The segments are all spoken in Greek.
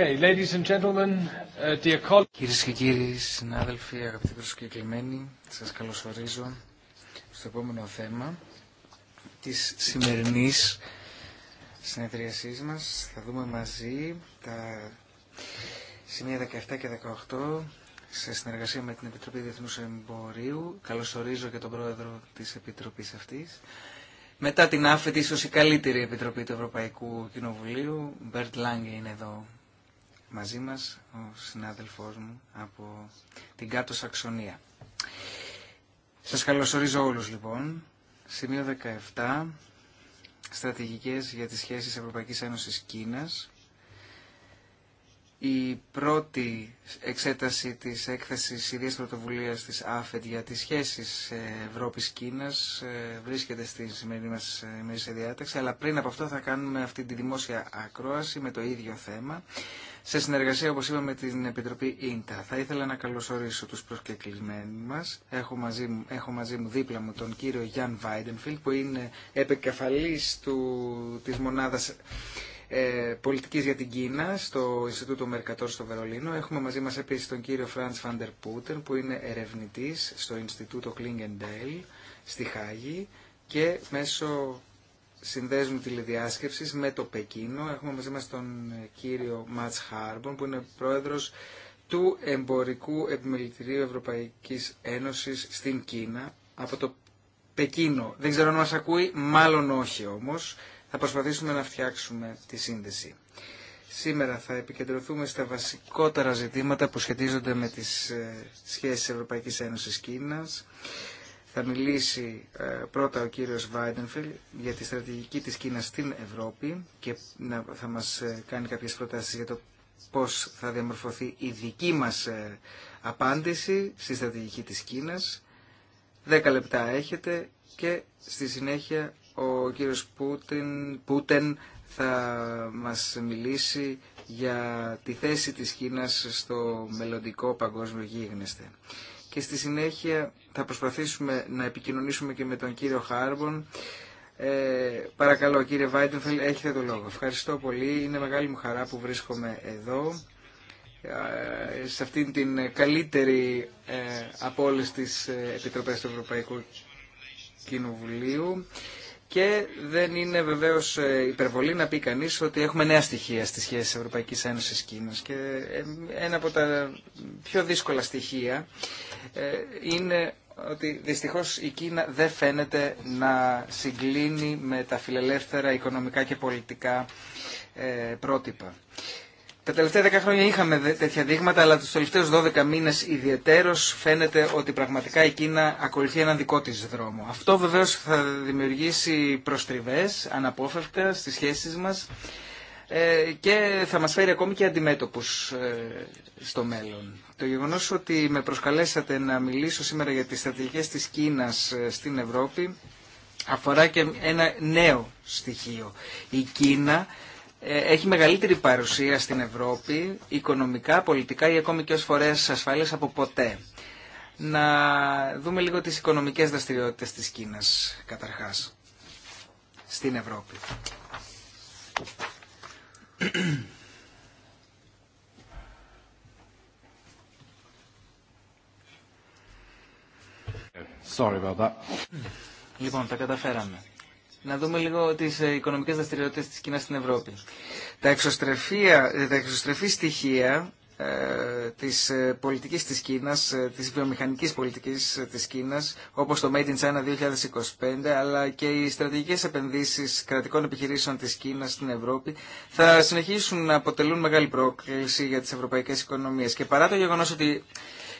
Okay, ladies and gentlemen, uh, dear colleagues. Κυρίες και κύριοι συνάδελφοι, αγαπητοί προσκεκλημένοι, σας καλωσορίζω στο επόμενο θέμα της σημερινής συνεδριασής μας. Θα δούμε μαζί τα σημεία 17 και 18 σε συνεργασία με την Επιτροπή Διεθνούς Εμπορίου. Καλωσορίζω και τον πρόεδρο της Επιτροπής αυτής. Μετά την άφετη, ίσως η καλύτερη επιτροπή του Ευρωπαϊκού Κοινοβουλίου, Μπέρτ Λάγκε είναι εδώ μαζί μας ο συνάδελφός μου από την κάτω Σαξονία. Σας καλωσορίζω όλους λοιπόν. Σημείο 17. Στρατηγικές για τις σχέσεις Ευρωπαϊκής Ένωσης Κίνας. Η πρώτη εξέταση της έκθεσης Ιδίας Πρωτοβουλίας της ΑΦΕΤ για τις σχέσεις Ευρώπης-Κίνας ε, βρίσκεται στη σημερινή μας ε, ημερήσια διάταξη, αλλά πριν από αυτό θα κάνουμε αυτή τη δημόσια ακρόαση με το ίδιο θέμα σε συνεργασία, όπως είπαμε, με την Επιτροπή Ίντα. Θα ήθελα να καλωσορίσω τους προσκεκλημένους μας. Έχω μαζί, μου, έχω μαζί μου δίπλα μου τον κύριο Γιάν Βάιντενφίλτ, που είναι επικεφαλής του, της μονάδας ε, πολιτικής για την Κίνα στο Ινστιτούτο Μερκατόρ στο Βερολίνο. Έχουμε μαζί μας επίσης τον κύριο Φραντς Φαντερ Πούτερ, που είναι ερευνητής στο Ινστιτούτο Κλίνγκεντέλ στη Χάγη και μέσω συνδέσμου τηλεδιάσκεψης με το Πεκίνο. Έχουμε μαζί μας τον ε, κύριο Ματς Χάρμπον που είναι πρόεδρος του Εμπορικού Επιμελητηρίου Ευρωπαϊκής Ένωσης στην Κίνα από το Πεκίνο. Δεν ξέρω αν μας ακούει, μάλλον όχι όμως. Θα προσπαθήσουμε να φτιάξουμε τη σύνδεση. Σήμερα θα επικεντρωθούμε στα βασικότερα ζητήματα που σχετίζονται με τις ε, σχέσεις Ευρωπαϊκής Ένωσης Κίνας θα μιλήσει ε, πρώτα ο κύριος Βάιντενφελ για τη στρατηγική της Κίνας στην Ευρώπη και θα μας ε, κάνει κάποιες προτάσεις για το πώς θα διαμορφωθεί η δική μας ε, απάντηση στη στρατηγική της Κίνας. Δέκα λεπτά έχετε και στη συνέχεια ο κύριος Πούτεν, Πούτεν θα μας μιλήσει για τη θέση της Κίνας στο μελλοντικό παγκόσμιο γίγνεσθε και στη συνέχεια θα προσπαθήσουμε να επικοινωνήσουμε και με τον κύριο Χάρμπον. Ε, παρακαλώ κύριε Βάιντενφελ, έχετε το λόγο. Ευχαριστώ πολύ. Είναι μεγάλη μου χαρά που βρίσκομαι εδώ ε, σε αυτήν την καλύτερη ε, από όλες τις ε, επιτροπές του Ευρωπαϊκού Κοινοβουλίου. Και δεν είναι βεβαίω ε, υπερβολή να πει κανεί ότι έχουμε νέα στοιχεία στι σχέσει Ευρωπαϊκή Ένωση Κίνα. Και ε, ένα από τα πιο δύσκολα στοιχεία ε, είναι ότι δυστυχώς η Κίνα δεν φαίνεται να συγκλίνει με τα φιλελεύθερα οικονομικά και πολιτικά πρότυπα. Τα τελευταία δέκα χρόνια είχαμε τέτοια δείγματα, αλλά του τελευταίους 12 μήνες ιδιαιτέρω φαίνεται ότι πραγματικά η Κίνα ακολουθεί έναν δικό τη δρόμο. Αυτό βεβαίω θα δημιουργήσει προστριβέ, αναπόφευκτα, στις σχέσεις μας ε, και θα μας φέρει ακόμη και αντιμέτωπους ε, στο μέλλον. Το γεγονό ότι με προσκαλέσατε να μιλήσω σήμερα για τι στρατηγικέ τη Κίνα ε, στην Ευρώπη αφορά και ένα νέο στοιχείο. Η Κίνα ε, έχει μεγαλύτερη παρουσία στην Ευρώπη, οικονομικά, πολιτικά ή ακόμη και ως φορές ασφάλειας από ποτέ. Να δούμε λίγο τις οικονομικές δραστηριότητες της Κίνας, καταρχάς, στην Ευρώπη. Sorry about that. Λοιπόν, τα καταφέραμε να δούμε λίγο τις ε, οικονομικέ δραστηριότητε τη Κίνα στην Ευρώπη. Τα, τα εξωστρεφή στοιχεία ε, τη ε, Κίνα, της Κίνας, της βιομηχανικής πολιτικής της Κίνας, όπως το Made in China 2025, αλλά και οι στρατηγικέ επενδύσεις κρατικών επιχειρήσεων τη Κίνα στην Ευρώπη, θα συνεχίσουν να αποτελούν μεγάλη πρόκληση για τι ευρωπαϊκέ οικονομίε. Και παρά το γεγονό ότι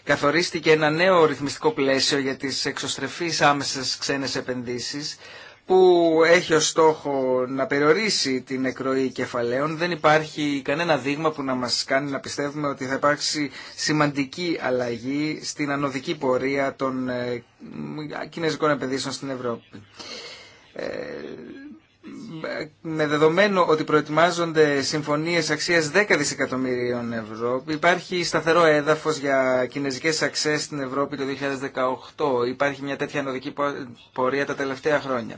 καθορίστηκε ένα νέο ρυθμιστικό πλαίσιο για τις εξωστρεφείς άμεσες ξένες επενδύσεις, που έχει ως στόχο να περιορίσει την εκροή κεφαλαίων. Δεν υπάρχει κανένα δείγμα που να μας κάνει να πιστεύουμε ότι θα υπάρξει σημαντική αλλαγή στην ανωδική πορεία των ε, κινέζικων επενδύσεων στην Ευρώπη. Ε, με δεδομένο ότι προετοιμάζονται συμφωνίες αξίας 10 δισεκατομμυρίων ευρώ, υπάρχει σταθερό έδαφος για κινέζικες αξίες στην Ευρώπη το 2018. Υπάρχει μια τέτοια ανωδική πορεία τα τελευταία χρόνια.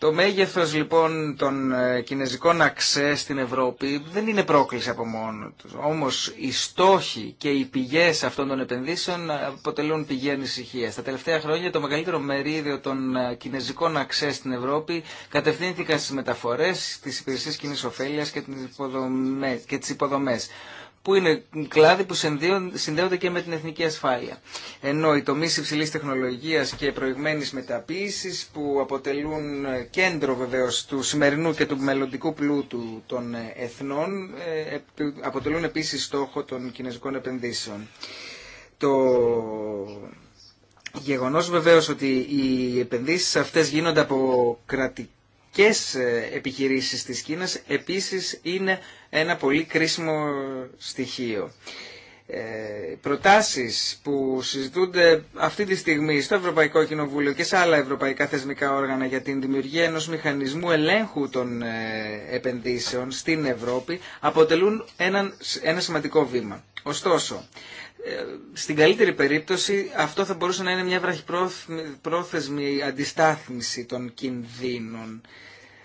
Το μέγεθος λοιπόν των ε, κινέζικων αξέ στην Ευρώπη δεν είναι πρόκληση από μόνο του. Όμως οι στόχοι και οι πηγές αυτών των επενδύσεων αποτελούν πηγή ανησυχία. Στα τελευταία χρόνια το μεγαλύτερο μερίδιο των ε, κινέζικων αξέ στην Ευρώπη κατευθύνθηκαν στι μεταφορές, τις υπηρεσίες κοινή ωφέλεια και τι υποδομέ που είναι κλάδοι που συνδέονται και με την εθνική ασφάλεια. Ενώ οι τομείς υψηλής τεχνολογίας και προηγμένης μεταποίηση που αποτελούν κέντρο βεβαίως του σημερινού και του μελλοντικού πλούτου των εθνών ε, αποτελούν επίσης στόχο των κινέζικων επενδύσεων. Το γεγονός βεβαίως ότι οι επενδύσεις αυτές γίνονται από κρατικά σε επιχειρήσεις της Κίνας επίσης είναι ένα πολύ κρίσιμο στοιχείο. Ε, προτάσεις που συζητούνται αυτή τη στιγμή στο Ευρωπαϊκό Κοινοβούλιο και σε άλλα ευρωπαϊκά θεσμικά όργανα για την δημιουργία ενός μηχανισμού ελέγχου των ε, επενδύσεων στην Ευρώπη αποτελούν ένα, ένα σημαντικό βήμα. Ωστόσο, ε, στην καλύτερη περίπτωση αυτό θα μπορούσε να είναι μια βραχυπρόθεσμη αντιστάθμιση των κινδύνων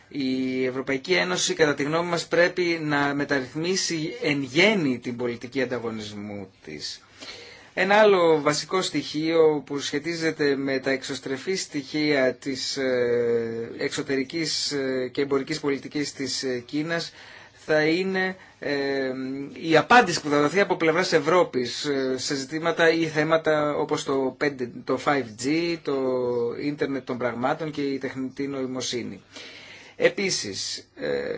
η Ευρωπαϊκή Ένωση, κατά τη γνώμη μας, πρέπει να μεταρρυθμίσει εν γέννη την πολιτική ανταγωνισμού της. Ένα άλλο βασικό στοιχείο που σχετίζεται με τα εξωστρεφή στοιχεία της ε, εξωτερικής ε, και εμπορικής πολιτικής της ε, Κίνας θα είναι η απάντηση που θα δοθεί από πλευράς Ευρώπης σε ζητήματα ή θέματα όπως το 5G, το ίντερνετ των πραγμάτων και η τεχνητή νοημοσύνη. Επίσης, ε,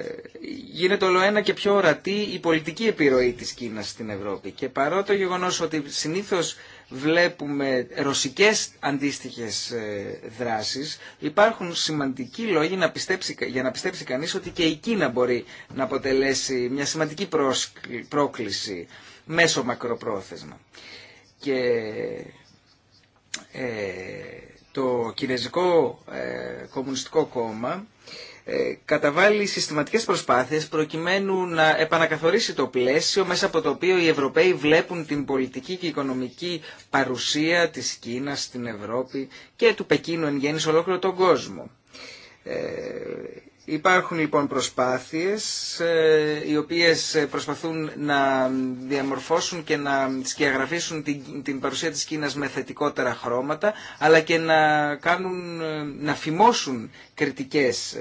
γίνεται όλο ένα και πιο ορατή η πολιτική επιρροή της Κίνας στην Ευρώπη και παρό το γεγονός ότι συνήθως βλέπουμε ρωσικές αντίστοιχες ε, δράσεις, υπάρχουν σημαντικοί λόγοι να πιστέψει, για να πιστέψει κανείς ότι και η Κίνα μπορεί να αποτελέσει μια σημαντική πρόκληση μέσω μακροπρόθεσμα. Και ε, το Κινέζικο Κομμουνιστικό Κόμμα ε, καταβάλει συστηματικές προσπάθειες προκειμένου να επανακαθορίσει το πλαίσιο μέσα από το οποίο οι Ευρωπαίοι βλέπουν την πολιτική και οικονομική παρουσία της Κίνας στην Ευρώπη και του Πεκίνου εν γέννη σε ολόκληρο τον κόσμο. Ε, υπάρχουν λοιπόν προσπάθειες ε, οι οποίες προσπαθούν να διαμορφώσουν και να σκιαγραφίσουν την παρουσία της Κίνας με θετικότερα χρώματα αλλά και να, κάνουν, να φημώσουν κριτικές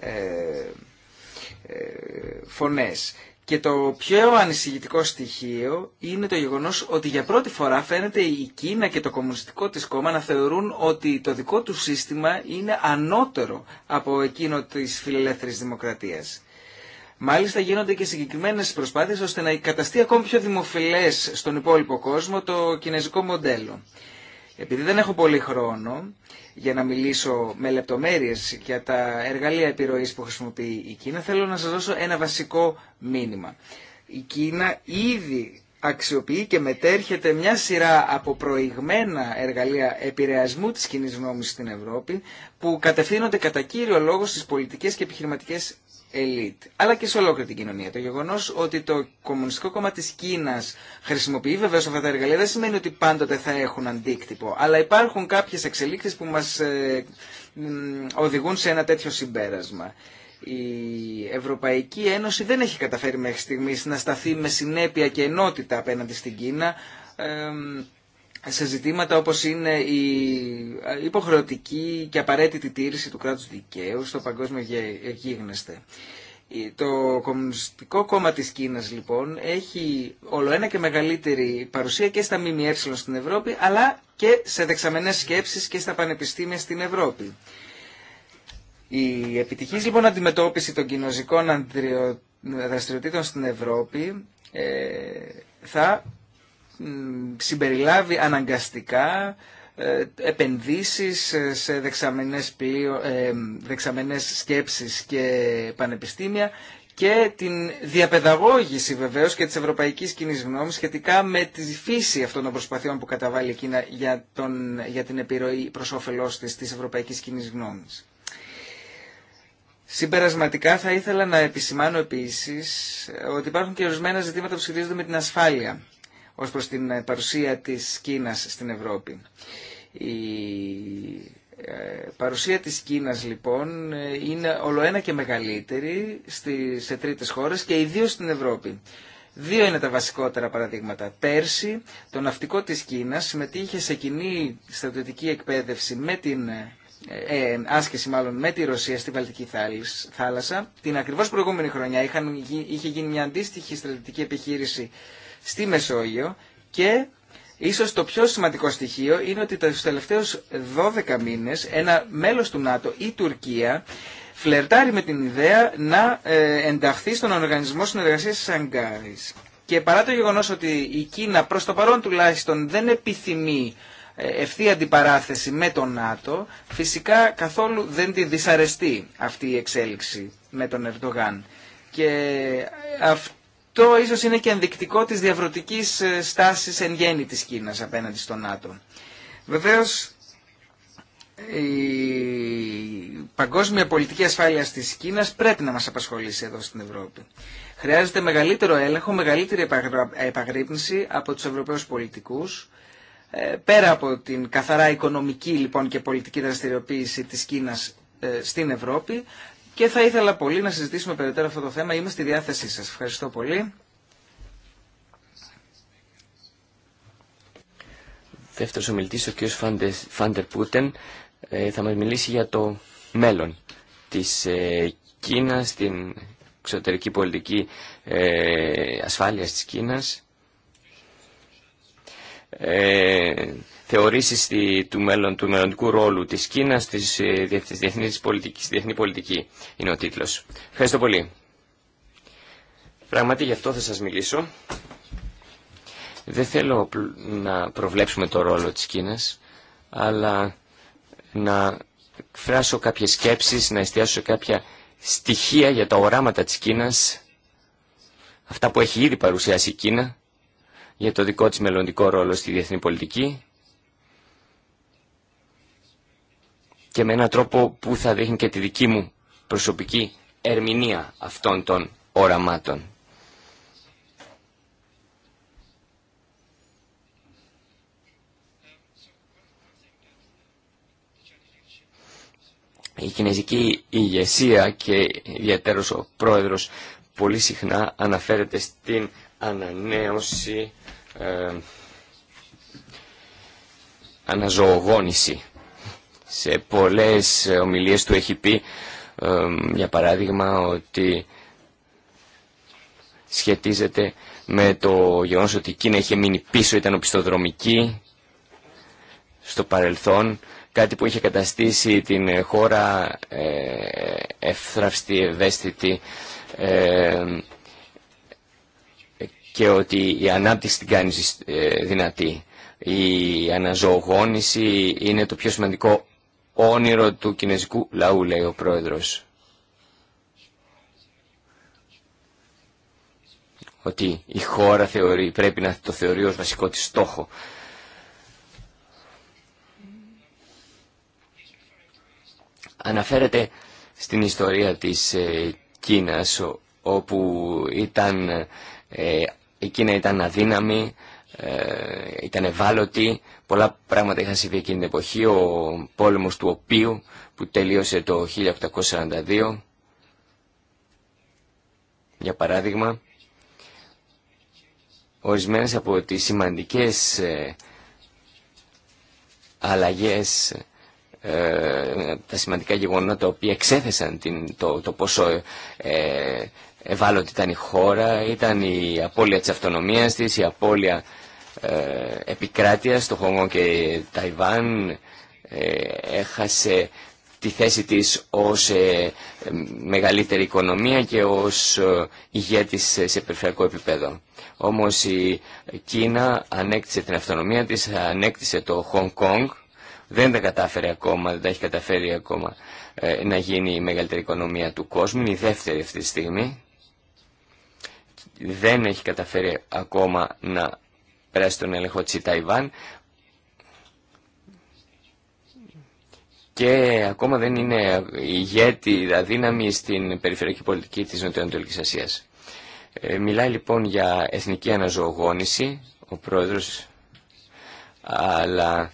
ε, ε, φωνές. Και το πιο ανησυχητικό στοιχείο είναι το γεγονός ότι για πρώτη φορά φαίνεται η Κίνα και το κομμουνιστικό της κόμμα να θεωρούν ότι το δικό του σύστημα είναι ανώτερο από εκείνο της φιλελεύθερης δημοκρατίας. Μάλιστα γίνονται και συγκεκριμένες προσπάθειες ώστε να καταστεί ακόμη πιο δημοφιλές στον υπόλοιπο κόσμο το κινέζικο μοντέλο. Επειδή δεν έχω πολύ χρόνο για να μιλήσω με λεπτομέρειες για τα εργαλεία επιρροής που χρησιμοποιεί η Κίνα, θέλω να σας δώσω ένα βασικό μήνυμα. Η Κίνα ήδη αξιοποιεί και μετέρχεται μια σειρά από προηγμένα εργαλεία επηρεασμού της κοινή γνώμης στην Ευρώπη που κατευθύνονται κατά κύριο λόγο στις πολιτικές και επιχειρηματικές ελίτ, αλλά και σε ολόκληρη την κοινωνία. Το γεγονό ότι το Κομμουνιστικό Κόμμα τη Κίνα χρησιμοποιεί βεβαίω αυτά τα εργαλεία δεν σημαίνει ότι πάντοτε θα έχουν αντίκτυπο, αλλά υπάρχουν κάποιε εξελίξει που μα ε, οδηγούν σε ένα τέτοιο συμπέρασμα. Η Ευρωπαϊκή Ένωση δεν έχει καταφέρει μέχρι στιγμή να σταθεί με συνέπεια και ενότητα απέναντι στην Κίνα. Ε, σε ζητήματα όπως είναι η ε, υποχρεωτική και απαραίτητη τήρηση του κράτους δικαίου στο παγκόσμιο γίγνεσθε. Το Κομμουνιστικό Κόμμα της Κίνας λοιπόν έχει ολοένα και μεγαλύτερη παρουσία και στα ΜΜΕ στην Ευρώπη αλλά και σε δεξαμενές σκέψεις και στα πανεπιστήμια στην Ευρώπη. Η επιτυχής λοιπόν αντιμετώπιση των κοινοζικών δραστηριοτήτων στην Ευρώπη ε, θα συμπεριλάβει αναγκαστικά ε, επενδύσεις ε, σε δεξαμενές, πλοίο, ε, δεξαμενές σκέψεις και πανεπιστήμια και την διαπαιδαγώγηση βεβαίως και της ευρωπαϊκής κοινή γνώμης σχετικά με τη φύση αυτών των προσπαθειών που καταβάλει η Κίνα για, τον, για την επιρροή προς όφελός της της ευρωπαϊκής κοινή γνώμης. Συμπερασματικά θα ήθελα να επισημάνω επίσης ότι υπάρχουν και ορισμένα ζητήματα που σχετίζονται με την ασφάλεια ως προς την ε, παρουσία της Κίνας στην Ευρώπη. Η ε, παρουσία της Κίνας λοιπόν ε, είναι ολοένα και μεγαλύτερη σε τρίτες χώρες και ιδίως στην Ευρώπη. Δύο είναι τα βασικότερα παραδείγματα. Πέρσι το ναυτικό της Κίνας συμμετείχε σε κοινή στρατιωτική εκπαίδευση με την άσκηση μάλλον με τη Ρωσία στη Βαλτική θάλασσα. Την ακριβώς προηγούμενη χρονιά είχε γίνει μια αντίστοιχη στρατιωτική επιχείρηση στη Μεσόγειο και Ίσως το πιο σημαντικό στοιχείο είναι ότι τους τελευταίους 12 μήνες ένα μέλος του ΝΑΤΟ, η Τουρκία, φλερτάρει με την ιδέα να ε, ενταχθεί στον Οργανισμό Συνεργασίας της Αγκάρης Και παρά το γεγονός ότι η Κίνα προς το παρόν τουλάχιστον δεν επιθυμεί ε, ευθεία αντιπαράθεση με τον ΝΑΤΟ, φυσικά καθόλου δεν τη δυσαρεστεί αυτή η εξέλιξη με τον Ερντογάν. Και αυτό αυτό ίσω είναι και ενδεικτικό της διαβρωτικής ε, στάσης εν γέννη της Κίνας απέναντι στον ΝΑΤΟ. Βεβαίως, η παγκόσμια πολιτική ασφάλεια τη Κίνα πρέπει να μας απασχολήσει εδώ στην Ευρώπη. Χρειάζεται μεγαλύτερο έλεγχο, μεγαλύτερη επαγρύπνηση από τους Ευρωπαίους πολιτικούς, ε, πέρα από την καθαρά οικονομική λοιπόν και πολιτική δραστηριοποίηση της Κίνας ε, στην Ευρώπη και θα ήθελα πολύ να συζητήσουμε περαιτέρω αυτό το θέμα. Είμαι στη διάθεσή σας. Ευχαριστώ πολύ. Δεύτερος ομιλητής, ο κ. Φάντερ Πούτεν, ε, θα μας μιλήσει για το μέλλον της ε, Κίνας, την εξωτερική πολιτική ε, ασφάλειας της Κίνας θεωρήσεις του, μέλλον, του μελλοντικού ρόλου της Κίνας ε, της, στη διεθνή πολιτική είναι ο τίτλος. Ευχαριστώ πολύ. Πραγματικά γι' αυτό θα σας μιλήσω. Δεν θέλω να προβλέψουμε το ρόλο της Κίνας, αλλά να φράσω κάποιες σκέψεις, να εστιάσω κάποια στοιχεία για τα οράματα της Κίνας, αυτά που έχει ήδη παρουσιάσει η Κίνα, για το δικό της μελλοντικό ρόλο στη διεθνή πολιτική και με έναν τρόπο που θα δείχνει και τη δική μου προσωπική ερμηνεία αυτών των οραμάτων. Η κινέζικη ηγεσία και ιδιαίτερος ο πρόεδρος πολύ συχνά αναφέρεται στην ανανέωση, ε, αναζωογόνηση. Σε πολλές ομιλίες του έχει πει, για παράδειγμα, ότι σχετίζεται με το γεγονός ότι η Κίνα είχε μείνει πίσω, ήταν οπισθοδρομική στο παρελθόν, κάτι που είχε καταστήσει την χώρα ευθραυστή, ευαίσθητη και ότι η ανάπτυξη την κάνει ε, δυνατή. Η αναζωογόνηση είναι το πιο σημαντικό όνειρο του κινέζικου λαού, λέει ο πρόεδρος. Ότι η χώρα θεωρεί, πρέπει να το θεωρεί ως βασικό της στόχο. Αναφέρεται στην ιστορία της ε, Κίνας, όπου ήταν, ε, η Κίνα ήταν αδύναμη, ε, ήταν ευάλωτη. Πολλά πράγματα είχαν συμβεί εκείνη την εποχή. Ο πόλεμος του οποίου που τελείωσε το 1842 για παράδειγμα ορισμένες από τις σημαντικές ε, αλλαγές ε, τα σημαντικά γεγονότα τα οποία εξέθεσαν την, το, το πόσο ε, ευάλωτη ήταν η χώρα ήταν η απώλεια της αυτονομίας της η απώλεια ε, επικράτεια στο Χογκόν και Ταϊβάν ε, έχασε τη θέση της ως ε, μεγαλύτερη οικονομία και ως ηγέτης σε περιφερειακό επίπεδο. Όμως η Κίνα ανέκτησε την αυτονομία της, ανέκτησε το Χονγκ Κόνγκ, δεν τα κατάφερε ακόμα, δεν τα έχει καταφέρει ακόμα να γίνει η μεγαλύτερη οικονομία του κόσμου, είναι η δεύτερη αυτή τη στιγμή. Δεν έχει καταφέρει ακόμα να περάσει τον έλεγχο της Ταϊβάν και ακόμα δεν είναι ηγέτη αδύναμη στην περιφερειακή πολιτική της Νοτιοανατολικής Ασίας. Ε, μιλάει λοιπόν για εθνική αναζωογόνηση ο πρόεδρος, αλλά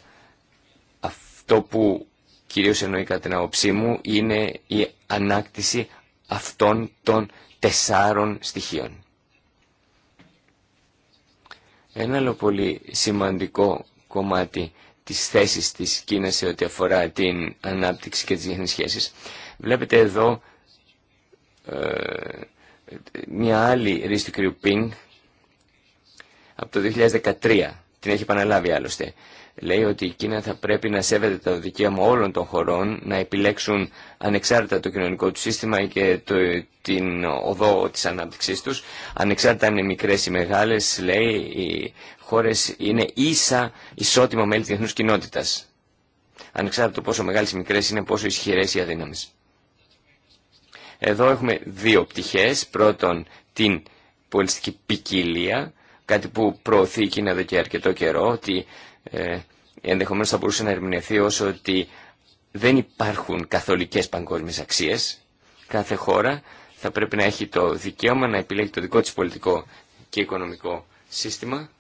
αυτό που κυρίως εννοεί κατά την άποψή μου είναι η ανάκτηση αυτών των τεσσάρων στοιχείων. Ένα άλλο πολύ σημαντικό κομμάτι της θέσης της Κίνας σε ό,τι αφορά την ανάπτυξη και τις διεθνείς σχέσεις. Βλέπετε εδώ ε, μια άλλη ρίστη πίνγκ από το 2013. Την έχει επαναλάβει άλλωστε λέει ότι η Κίνα θα πρέπει να σέβεται το δικαίωμα όλων των χωρών να επιλέξουν ανεξάρτητα το κοινωνικό του σύστημα και το, την οδό της ανάπτυξής τους. Ανεξάρτητα αν είναι μικρές ή μεγάλες, λέει, οι χώρες είναι ίσα ισότιμα μέλη της διεθνούς κοινότητας. Ανεξάρτητα το πόσο μεγάλες ή μικρές είναι, πόσο ισχυρές ή αδύναμες. Εδώ έχουμε δύο πτυχές. Πρώτον, την πολιτιστική ποικιλία, κάτι που προωθεί η Κίνα ποσο ισχυρες οι αδυναμες εδω εχουμε δυο πτυχες πρωτον την πολιτιστικη ποικιλια κατι που προωθει η κινα εδω και αρκετό καιρό, ότι ε, ενδεχομένως θα μπορούσε να ερμηνευθεί όσο ότι δεν υπάρχουν καθολικές παγκόσμιες αξίες. Κάθε χώρα θα πρέπει να έχει το δικαίωμα να επιλέγει το δικό της πολιτικό και οικονομικό σύστημα.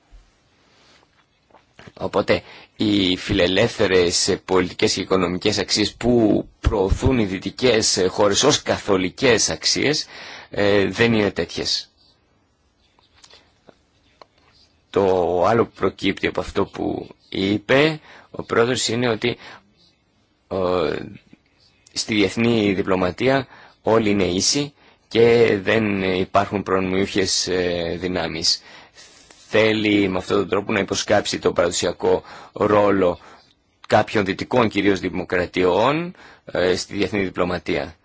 Οπότε οι φιλελεύθερες πολιτικές και οικονομικές αξίες που προωθούν οι δυτικές χώρες ως καθολικές αξίες ε, δεν είναι τέτοιες. Το άλλο που προκύπτει από αυτό που είπε ο πρόεδρος είναι ότι στη διεθνή διπλωματία όλοι είναι ίσοι και δεν υπάρχουν προνομιούχες ε, δυνάμεις. Θέλει με αυτόν τον τρόπο να υποσκάψει το παραδοσιακό ρόλο κάποιων δυτικών κυρίως δημοκρατιών ε, στη διεθνή διπλωματία.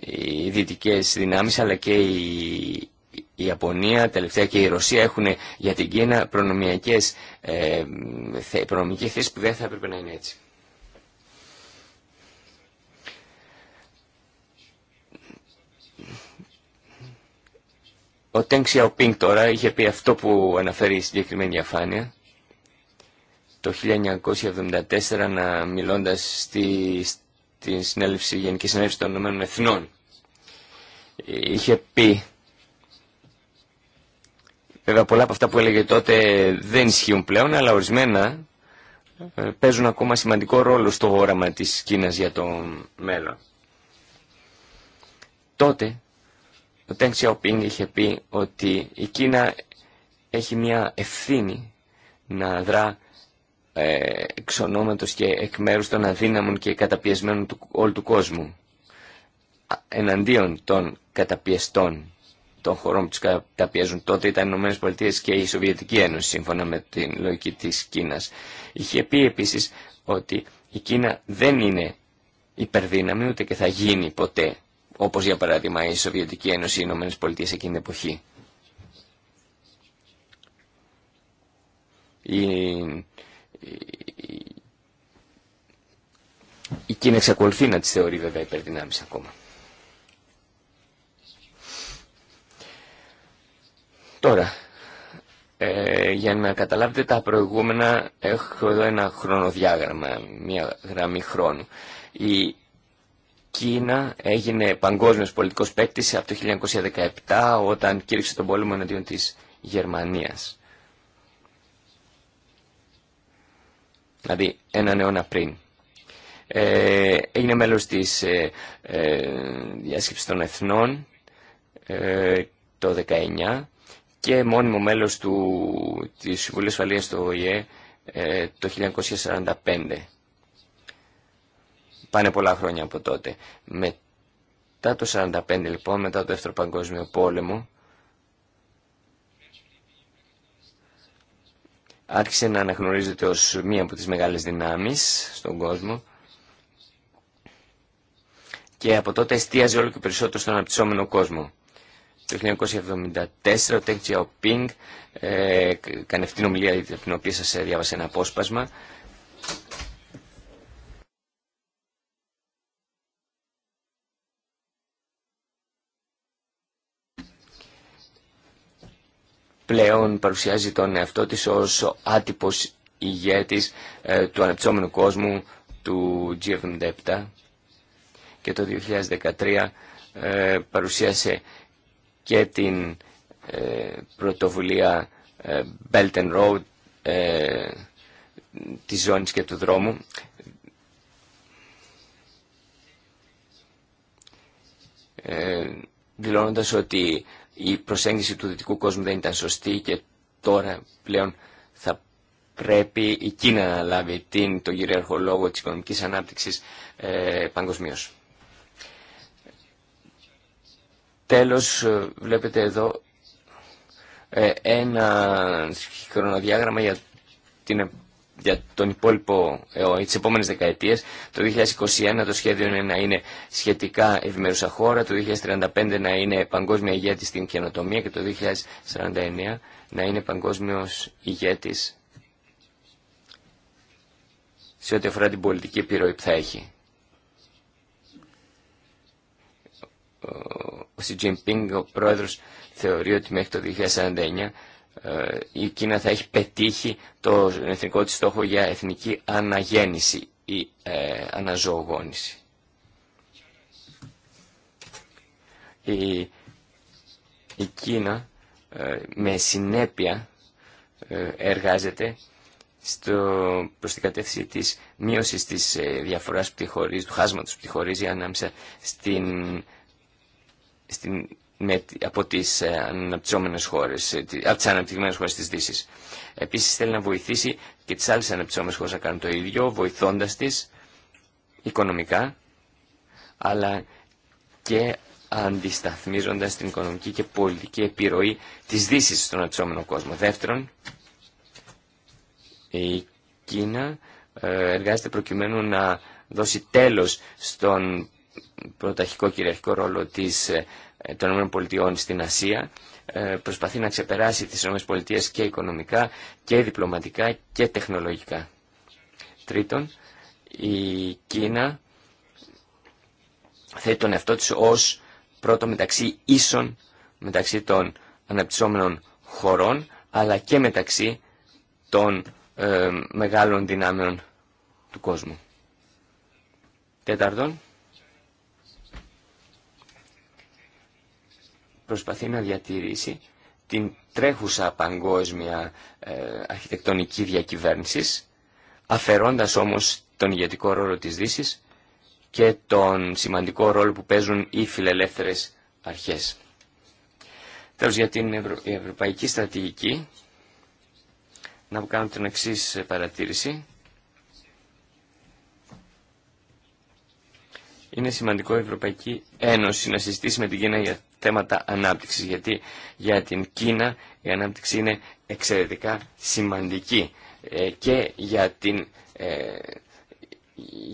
Οι δυτικές δυνάμεις αλλά και οι η Ιαπωνία, τελευταία και η Ρωσία έχουν για την Κίνα προνομιακές, ε, προνομιακές θέσεις που δεν θα έπρεπε να είναι έτσι. Ο Τέγκ Σιαοπίνγκ τώρα είχε πει αυτό που αναφέρει η συγκεκριμένη διαφάνεια το 1974 να μιλώντας στη, συνέλευση, Γενική Συνέλευση των Ηνωμένων Εθνών. Ε, είχε πει Βέβαια πολλά από αυτά που έλεγε τότε δεν ισχύουν πλέον, αλλά ορισμένα ε, παίζουν ακόμα σημαντικό ρόλο στο όραμα της Κίνας για το μέλλον. Τότε ο Τέν Σιαοπίνγκ είχε πει ότι η Κίνα έχει μια ευθύνη να δρά ε, εξ και εκ μέρους των αδύναμων και καταπιεσμένων του, όλου του κόσμου εναντίον των καταπιεστών των χωρών που τους καταπιέζουν τότε ήταν οι Ηνωμένες και η Σοβιετική Ένωση σύμφωνα με την λογική της Κίνας. Είχε πει επίσης ότι η Κίνα δεν είναι υπερδύναμη ούτε και θα γίνει ποτέ όπως για παράδειγμα η Σοβιετική Ένωση ή οι Ηνωμένες Πολιτείες εκείνη την εποχή. Η, η Κίνα εξακολουθεί να τις θεωρεί βέβαια υπερδυνάμεις ακόμα. Τώρα, ε, για να καταλάβετε τα προηγούμενα, έχω εδώ ένα χρονοδιάγραμμα, μια γραμμή χρόνου. Η Κίνα έγινε παγκόσμιος πολιτικός παίκτη από το 1917 όταν κήρυξε τον πόλεμο εναντίον της Γερμανίας. Δηλαδή έναν αιώνα πριν. Ε, έγινε μέλος της ε, ε των Εθνών ε, το 19 και μόνιμο μέλος του, της Συμβουλής Ασφαλείας του ΟΗΕ ε, το 1945. Πάνε πολλά χρόνια από τότε. Μετά το 1945 λοιπόν, μετά το Δεύτερο Παγκόσμιο Πόλεμο, άρχισε να αναγνωρίζεται ως μία από τις μεγάλες δυνάμεις στον κόσμο και από τότε εστίαζε όλο και περισσότερο στον αναπτυσσόμενο κόσμο. Το 1974 ο Τέκ Τζιαοπίνγκ ε, κάνει αυτήν την ομιλία από την οποία σας διάβασε ένα απόσπασμα. Πλέον παρουσιάζει τον εαυτό της ως άτυπος ηγέτης ε, του αναπτυσσόμενου κόσμου του G77 και το 2013 ε, παρουσίασε και την ε, πρωτοβουλία ε, Belt and Road ε, της ζώνης και του δρόμου. δηλώνοντας ότι η προσέγγιση του δυτικού κόσμου δεν ήταν σωστή και τώρα πλέον θα πρέπει η Κίνα να λάβει την, τον κυρίαρχο λόγο της οικονομικής ανάπτυξης ε, παγκοσμίως. Τέλος, ε, βλέπετε εδώ ε, ένα χρονοδιάγραμμα για, την, ε- για τον υπόλοιπο αιώνα, τις επόμενες δεκαετίες. Το 2021 το σχέδιο είναι να είναι σχετικά ευημερούσα χώρα, το 2035 να είναι παγκόσμια ηγέτη στην καινοτομία και το 2049 να είναι παγκόσμιος ηγέτης σε ό,τι αφορά την πολιτική επιρροή που θα έχει. ο Σι Τζιμπίνγκ, ο πρόεδρος, θεωρεί ότι μέχρι το 2049 ε, η Κίνα θα έχει πετύχει το εθνικό της στόχο για εθνική αναγέννηση ή ε, αναζωογόνηση. Η, η Κίνα ε, με συνέπεια εργάζεται στο, προς την κατεύθυνση της μείωσης της διαφοράς που τη του χάσματος που τη χωρίζει ανάμεσα στην στην, με, από τις ε, αναπτυσσόμενες χώρες, ε, από τις αναπτυγμένες χώρες της Δύσης. Επίσης θέλει να βοηθήσει και τις άλλες αναπτυσσόμενες χώρες να κάνουν το ίδιο, βοηθώντας τις οικονομικά, αλλά και αντισταθμίζοντας την οικονομική και πολιτική επιρροή της Δύσης στον αναπτυσσόμενο κόσμο. Δεύτερον, η Κίνα ε, εργάζεται προκειμένου να δώσει τέλος στον πρωταρχικό κυριαρχικό ρόλο της, ε, των ΗΠΑ στην Ασία ε, προσπαθεί να ξεπεράσει τις ΗΠΑ και οικονομικά και διπλωματικά και τεχνολογικά. Τρίτον, η Κίνα θέτει τον εαυτό της ως πρώτο μεταξύ ίσων μεταξύ των αναπτυσσόμενων χωρών αλλά και μεταξύ των ε, μεγάλων δυνάμεων του κόσμου. Τέταρτον, προσπαθεί να διατηρήσει την τρέχουσα παγκόσμια ε, αρχιτεκτονική διακυβέρνησης, αφαιρώντας όμως τον ηγετικό ρόλο της δύση και τον σημαντικό ρόλο που παίζουν οι φιλελεύθερες αρχές. Τέλος για την ευρωπαϊκή στρατηγική, να κάνω την εξή παρατήρηση. Είναι σημαντικό η Ευρωπαϊκή Ένωση να συζητήσει με την Κίνα για θέματα ανάπτυξης, γιατί για την Κίνα η ανάπτυξη είναι εξαιρετικά σημαντική ε, και για την, ε,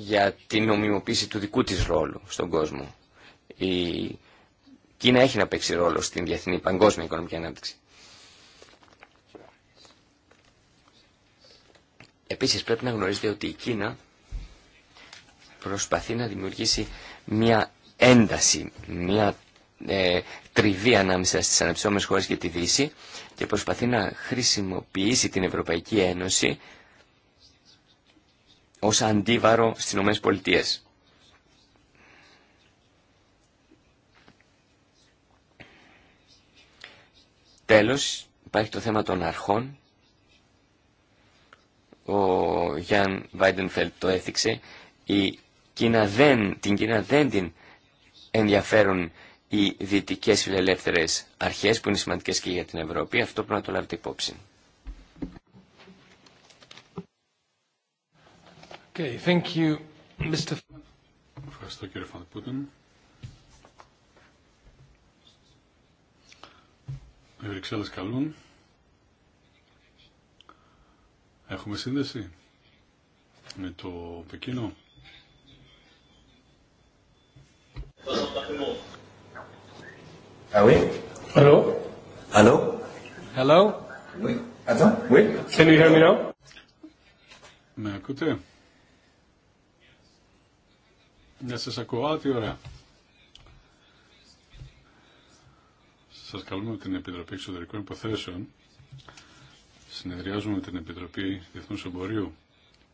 για την νομιμοποίηση του δικού της ρόλου στον κόσμο. Η Κίνα έχει να παίξει ρόλο στην διεθνή παγκόσμια οικονομική ανάπτυξη. Επίσης πρέπει να γνωρίζετε ότι η Κίνα προσπαθεί να δημιουργήσει μια ένταση, μια ε, τριβή ανάμεσα στις αναψιόμενες χώρες και τη Δύση και προσπαθεί να χρησιμοποιήσει την Ευρωπαϊκή Ένωση ως αντίβαρο στις νομές Πολιτείες. Τέλος, υπάρχει το θέμα των αρχών. Ο Γιάνν Βάιντενφελτ το έθιξε. Η Κίνα δεν, την Κίνα δεν την ενδιαφέρουν οι δυτικέ φιλελεύθερε αρχέ που είναι σημαντικέ και για την Ευρώπη. Αυτό πρέπει να το λάβετε υπόψη. Okay, thank you, Mr. Ευχαριστώ κύριε Φαντπούτεν. Οι Βρυξέλλες καλούν. Έχουμε σύνδεση με το Πεκίνο. Ah Hello Hello Hello Oui. Attends, Can you hear me now Με ναι, ακούτε Να σας ακούω. Α, τι ωραία. Σας καλούμε την Επιτροπή Εξωτερικών Υποθέσεων. Συνεδριάζουμε την Επιτροπή Διεθνούς Εμπορίου.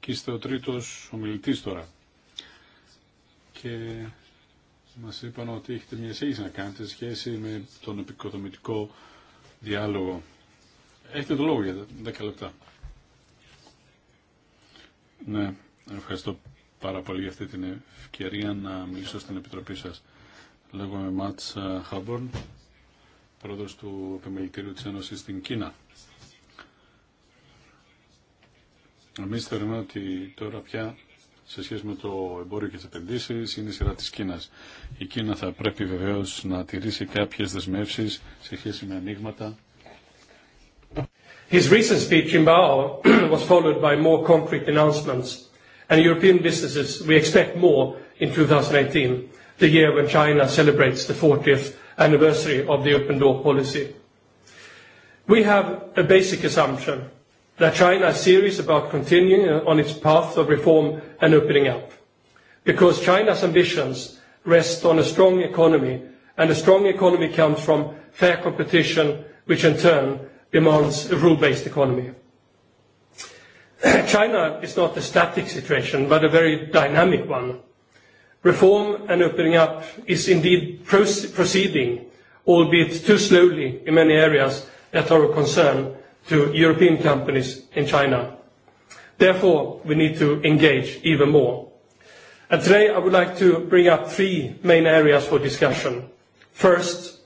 Και είστε ο τρίτος ομιλητής τώρα. Και μας είπαν ότι έχετε μια εισήγηση να κάνετε σχέση με τον επικοδομητικό διάλογο. Έχετε το λόγο για 10 λεπτά. Ναι, ευχαριστώ πάρα πολύ για αυτή την ευκαιρία να μιλήσω στην Επιτροπή σας. Λέγομαι Μάτς ε, Χαμπορν, πρόεδρος του Επιμελητήριου της Ένωση στην Κίνα. Εμείς θεωρούμε ότι τώρα πια σε σχέση με το εμπόριο και τι επενδύσει είναι η σειρά τη Κίνα. Η Κίνα θα πρέπει βεβαίω να τηρήσει κάποιε δεσμεύσει σε σχέση με ανοίγματα. His recent speech in Bao was followed by more concrete announcements. And European businesses, we expect more in 2018, the year when China celebrates the 40th anniversary of the open door policy. We have a basic assumption that China is serious about continuing on its path of reform and opening up. Because China's ambitions rest on a strong economy, and a strong economy comes from fair competition, which in turn demands a rule-based economy. China is not a static situation, but a very dynamic one. Reform and opening up is indeed proceeding, albeit too slowly in many areas that are of concern to European companies in China. Therefore, we need to engage even more. And today I would like to bring up three main areas for discussion. First,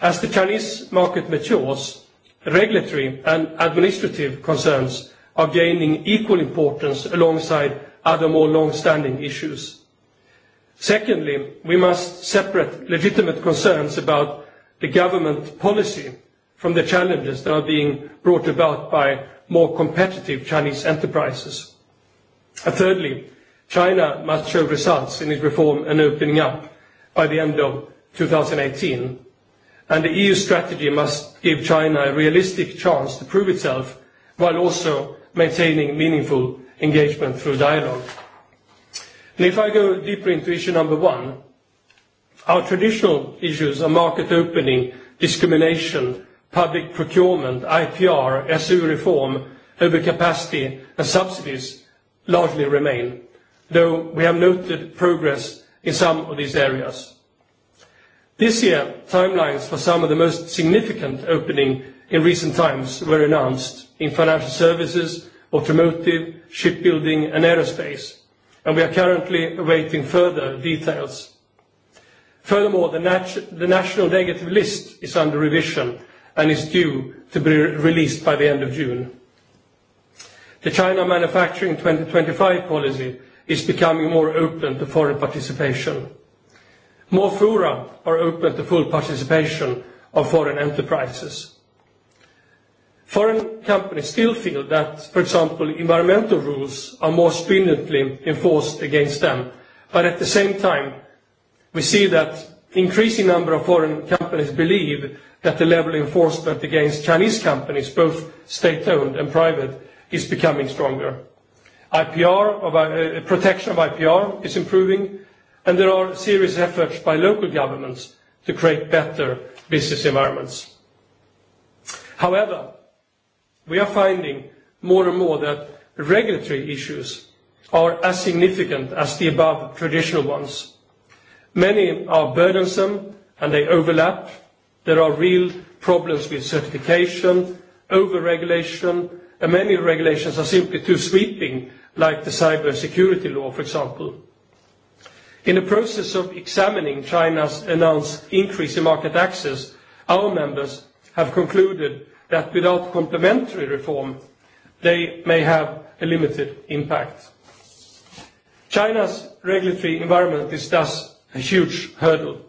as the Chinese market matures, regulatory and administrative concerns are gaining equal importance alongside other more long-standing issues. Secondly, we must separate legitimate concerns about the government policy from the challenges that are being brought about by more competitive Chinese enterprises. thirdly, China must show results in its reform and opening up by the end of 2018. And the EU strategy must give China a realistic chance to prove itself while also maintaining meaningful engagement through dialogue. And if I go deeper into issue number one, our traditional issues are market opening, discrimination, public procurement, IPR, SU reform, overcapacity and subsidies largely remain, though we have noted progress in some of these areas. This year, timelines for some of the most significant opening in recent times were announced in financial services, automotive, shipbuilding and aerospace, and we are currently awaiting further details. Furthermore, the national negative list is under revision and is due to be released by the end of June. The China Manufacturing 2025 policy is becoming more open to foreign participation. More fora are open to full participation of foreign enterprises. Foreign companies still feel that, for example, environmental rules are more stringently enforced against them, but at the same time, we see that increasing number of foreign companies believe that the level of enforcement against Chinese companies, both state-owned and private, is becoming stronger. IPR, protection of IPR is improving, and there are serious efforts by local governments to create better business environments. However, we are finding more and more that regulatory issues are as significant as the above traditional ones. Many are burdensome and they overlap There are real problems with certification, over-regulation, and many regulations are simply too sweeping, like the cyber security law, for example. In the process of examining China's announced increase in market access, our members have concluded that without complementary reform, they may have a limited impact. China's regulatory environment is thus a huge hurdle.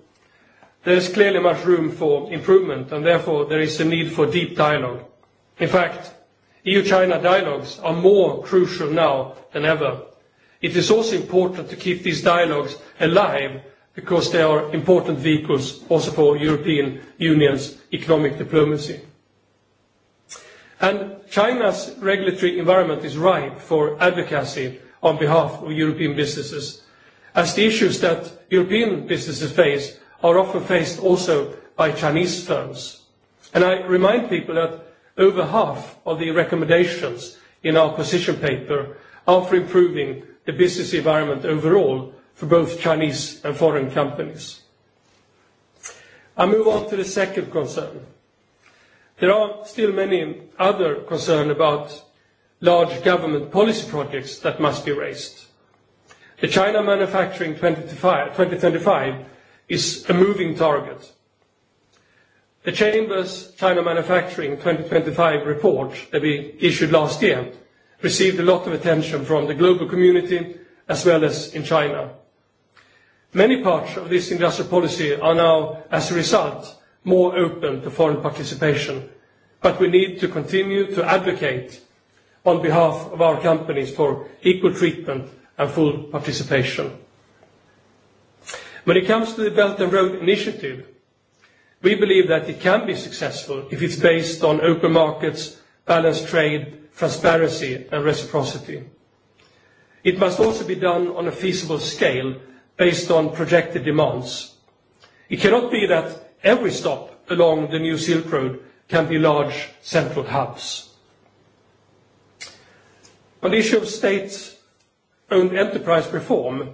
There is clearly much room for improvement and therefore there is a need for deep dialogue. In fact, EU-China dialogues are more crucial now than ever. It is also important to keep these dialogues alive because they are important vehicles also for European Union's economic diplomacy. And China's regulatory environment is ripe for advocacy on behalf of European businesses, as the issues that European businesses face are often faced also by Chinese firms. And I remind people that over half of the recommendations in our position paper are for improving the business environment overall for both Chinese and foreign companies. I move on to the second concern. There are still many other concerns about large government policy projects that must be raised. The China Manufacturing 2025 is a moving target. The Chamber's China Manufacturing 2025 report that we issued last year received a lot of attention from the global community as well as in China. Many parts of this industrial policy are now, as a result, more open to foreign participation, but we need to continue to advocate on behalf of our companies for equal treatment and full participation. When it comes to the Belt and Road Initiative, we believe that it can be successful if it's based on open markets, balanced trade, transparency and reciprocity. It must also be done on a feasible scale based on projected demands. It cannot be that every stop along the new Silk Road can be large central hubs. On the issue of state-owned enterprise reform,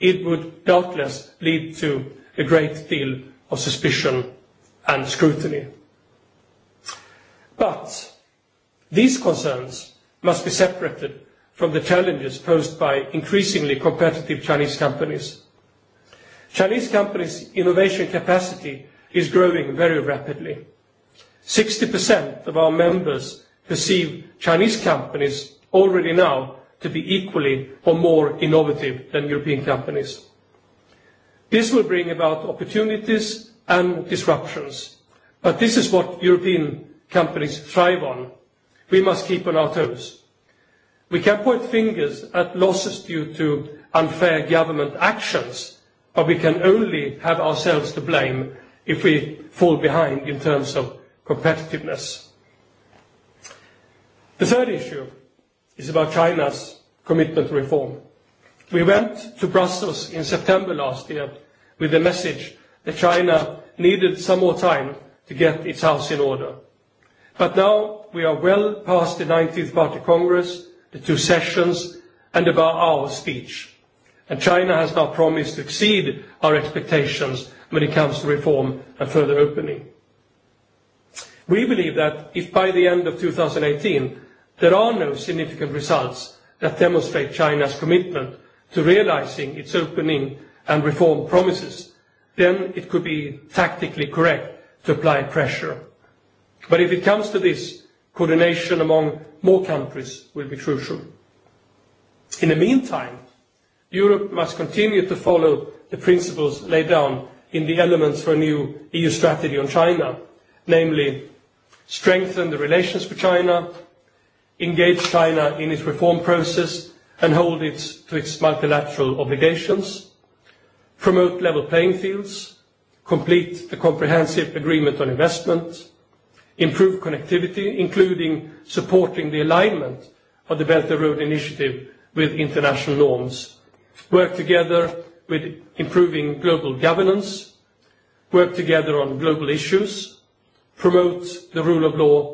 it would doubtless lead to a great deal of suspicion and scrutiny. But these concerns must be separated from the challenges posed by increasingly competitive Chinese companies. Chinese companies' innovation capacity is growing very rapidly. 60% of our members perceive Chinese companies already now to be equally or more innovative than European companies. This will bring about opportunities and disruptions, but this is what European companies thrive on. We must keep on our toes. We can point fingers at losses due to unfair government actions, but we can only have ourselves to blame if we fall behind in terms of competitiveness. The third issue is about China's commitment to reform. We went to Brussels in September last year with the message that China needed some more time to get its house in order. But now we are well past the 19th Party Congress, the two sessions, and about our speech. And China has now promised to exceed our expectations when it comes to reform and further opening. We believe that if by the end of 2018 There are no significant results that demonstrate China's commitment to realizing its opening and reform promises. Then it could be tactically correct to apply pressure. But if it comes to this, coordination among more countries will be crucial. In the meantime, Europe must continue to follow the principles laid down in the elements for a new EU strategy on China, namely strengthen the relations with China, engage China in its reform process and hold it to its multilateral obligations, promote level playing fields, complete the comprehensive agreement on investment, improve connectivity, including supporting the alignment of the Belt and Road Initiative with international norms, work together with improving global governance, work together on global issues, promote the rule of law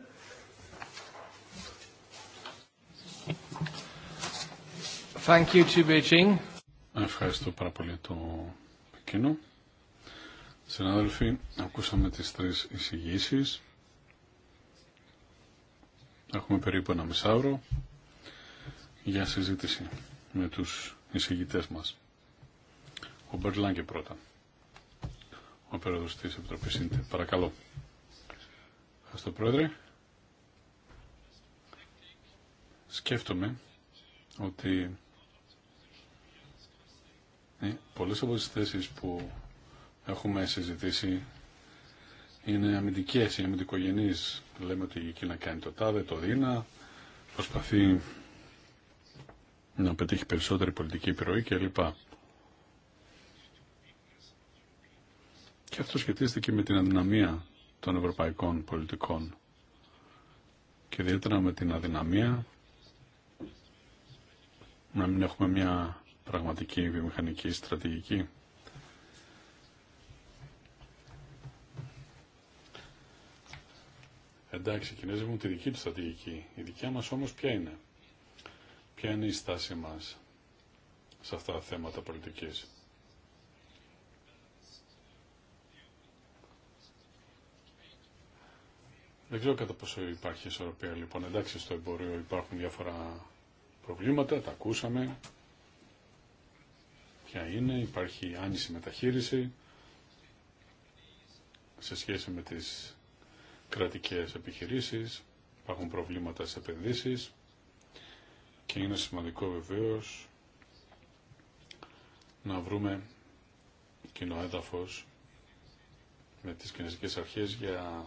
Ευχαριστώ πάρα πολύ το Πεκίνο. Συνάδελφοι, ακούσαμε τις τρεις εισηγήσει. Έχουμε περίπου ένα μισάωρο για συζήτηση με τους εισηγητέ μας. Ο Μπερλάνκε πρώτα, ο πρόεδρος της Επιτροπής Παρακαλώ. Ευχαριστώ πρόεδρε. Σκέφτομαι ότι ναι, πολλές από τις θέσεις που έχουμε συζητήσει είναι αμυντικές, είναι αμυντικογενείς. Λέμε ότι η Κίνα κάνει το τάδε, το δίνα, προσπαθεί να πετύχει περισσότερη πολιτική επιρροή κλπ. Και αυτό σχετίζεται και με την αδυναμία των ευρωπαϊκών πολιτικών και ιδιαίτερα με την αδυναμία να μην έχουμε μια πραγματική βιομηχανική στρατηγική. Εντάξει, οι Κινέζοι έχουν τη δική του στρατηγική. Η δικιά μας όμως ποια είναι. Ποια είναι η στάση μας σε αυτά τα θέματα πολιτικής. Δεν ξέρω κατά πόσο υπάρχει ισορροπία λοιπόν. Εντάξει, στο εμπόριο υπάρχουν διάφορα προβλήματα, τα ακούσαμε, ποια είναι, υπάρχει άνηση μεταχείριση σε σχέση με τις κρατικές επιχειρήσεις, υπάρχουν προβλήματα σε επενδύσεις και είναι σημαντικό βεβαίως να βρούμε κοινό έδαφος με τις κινέζικες αρχές για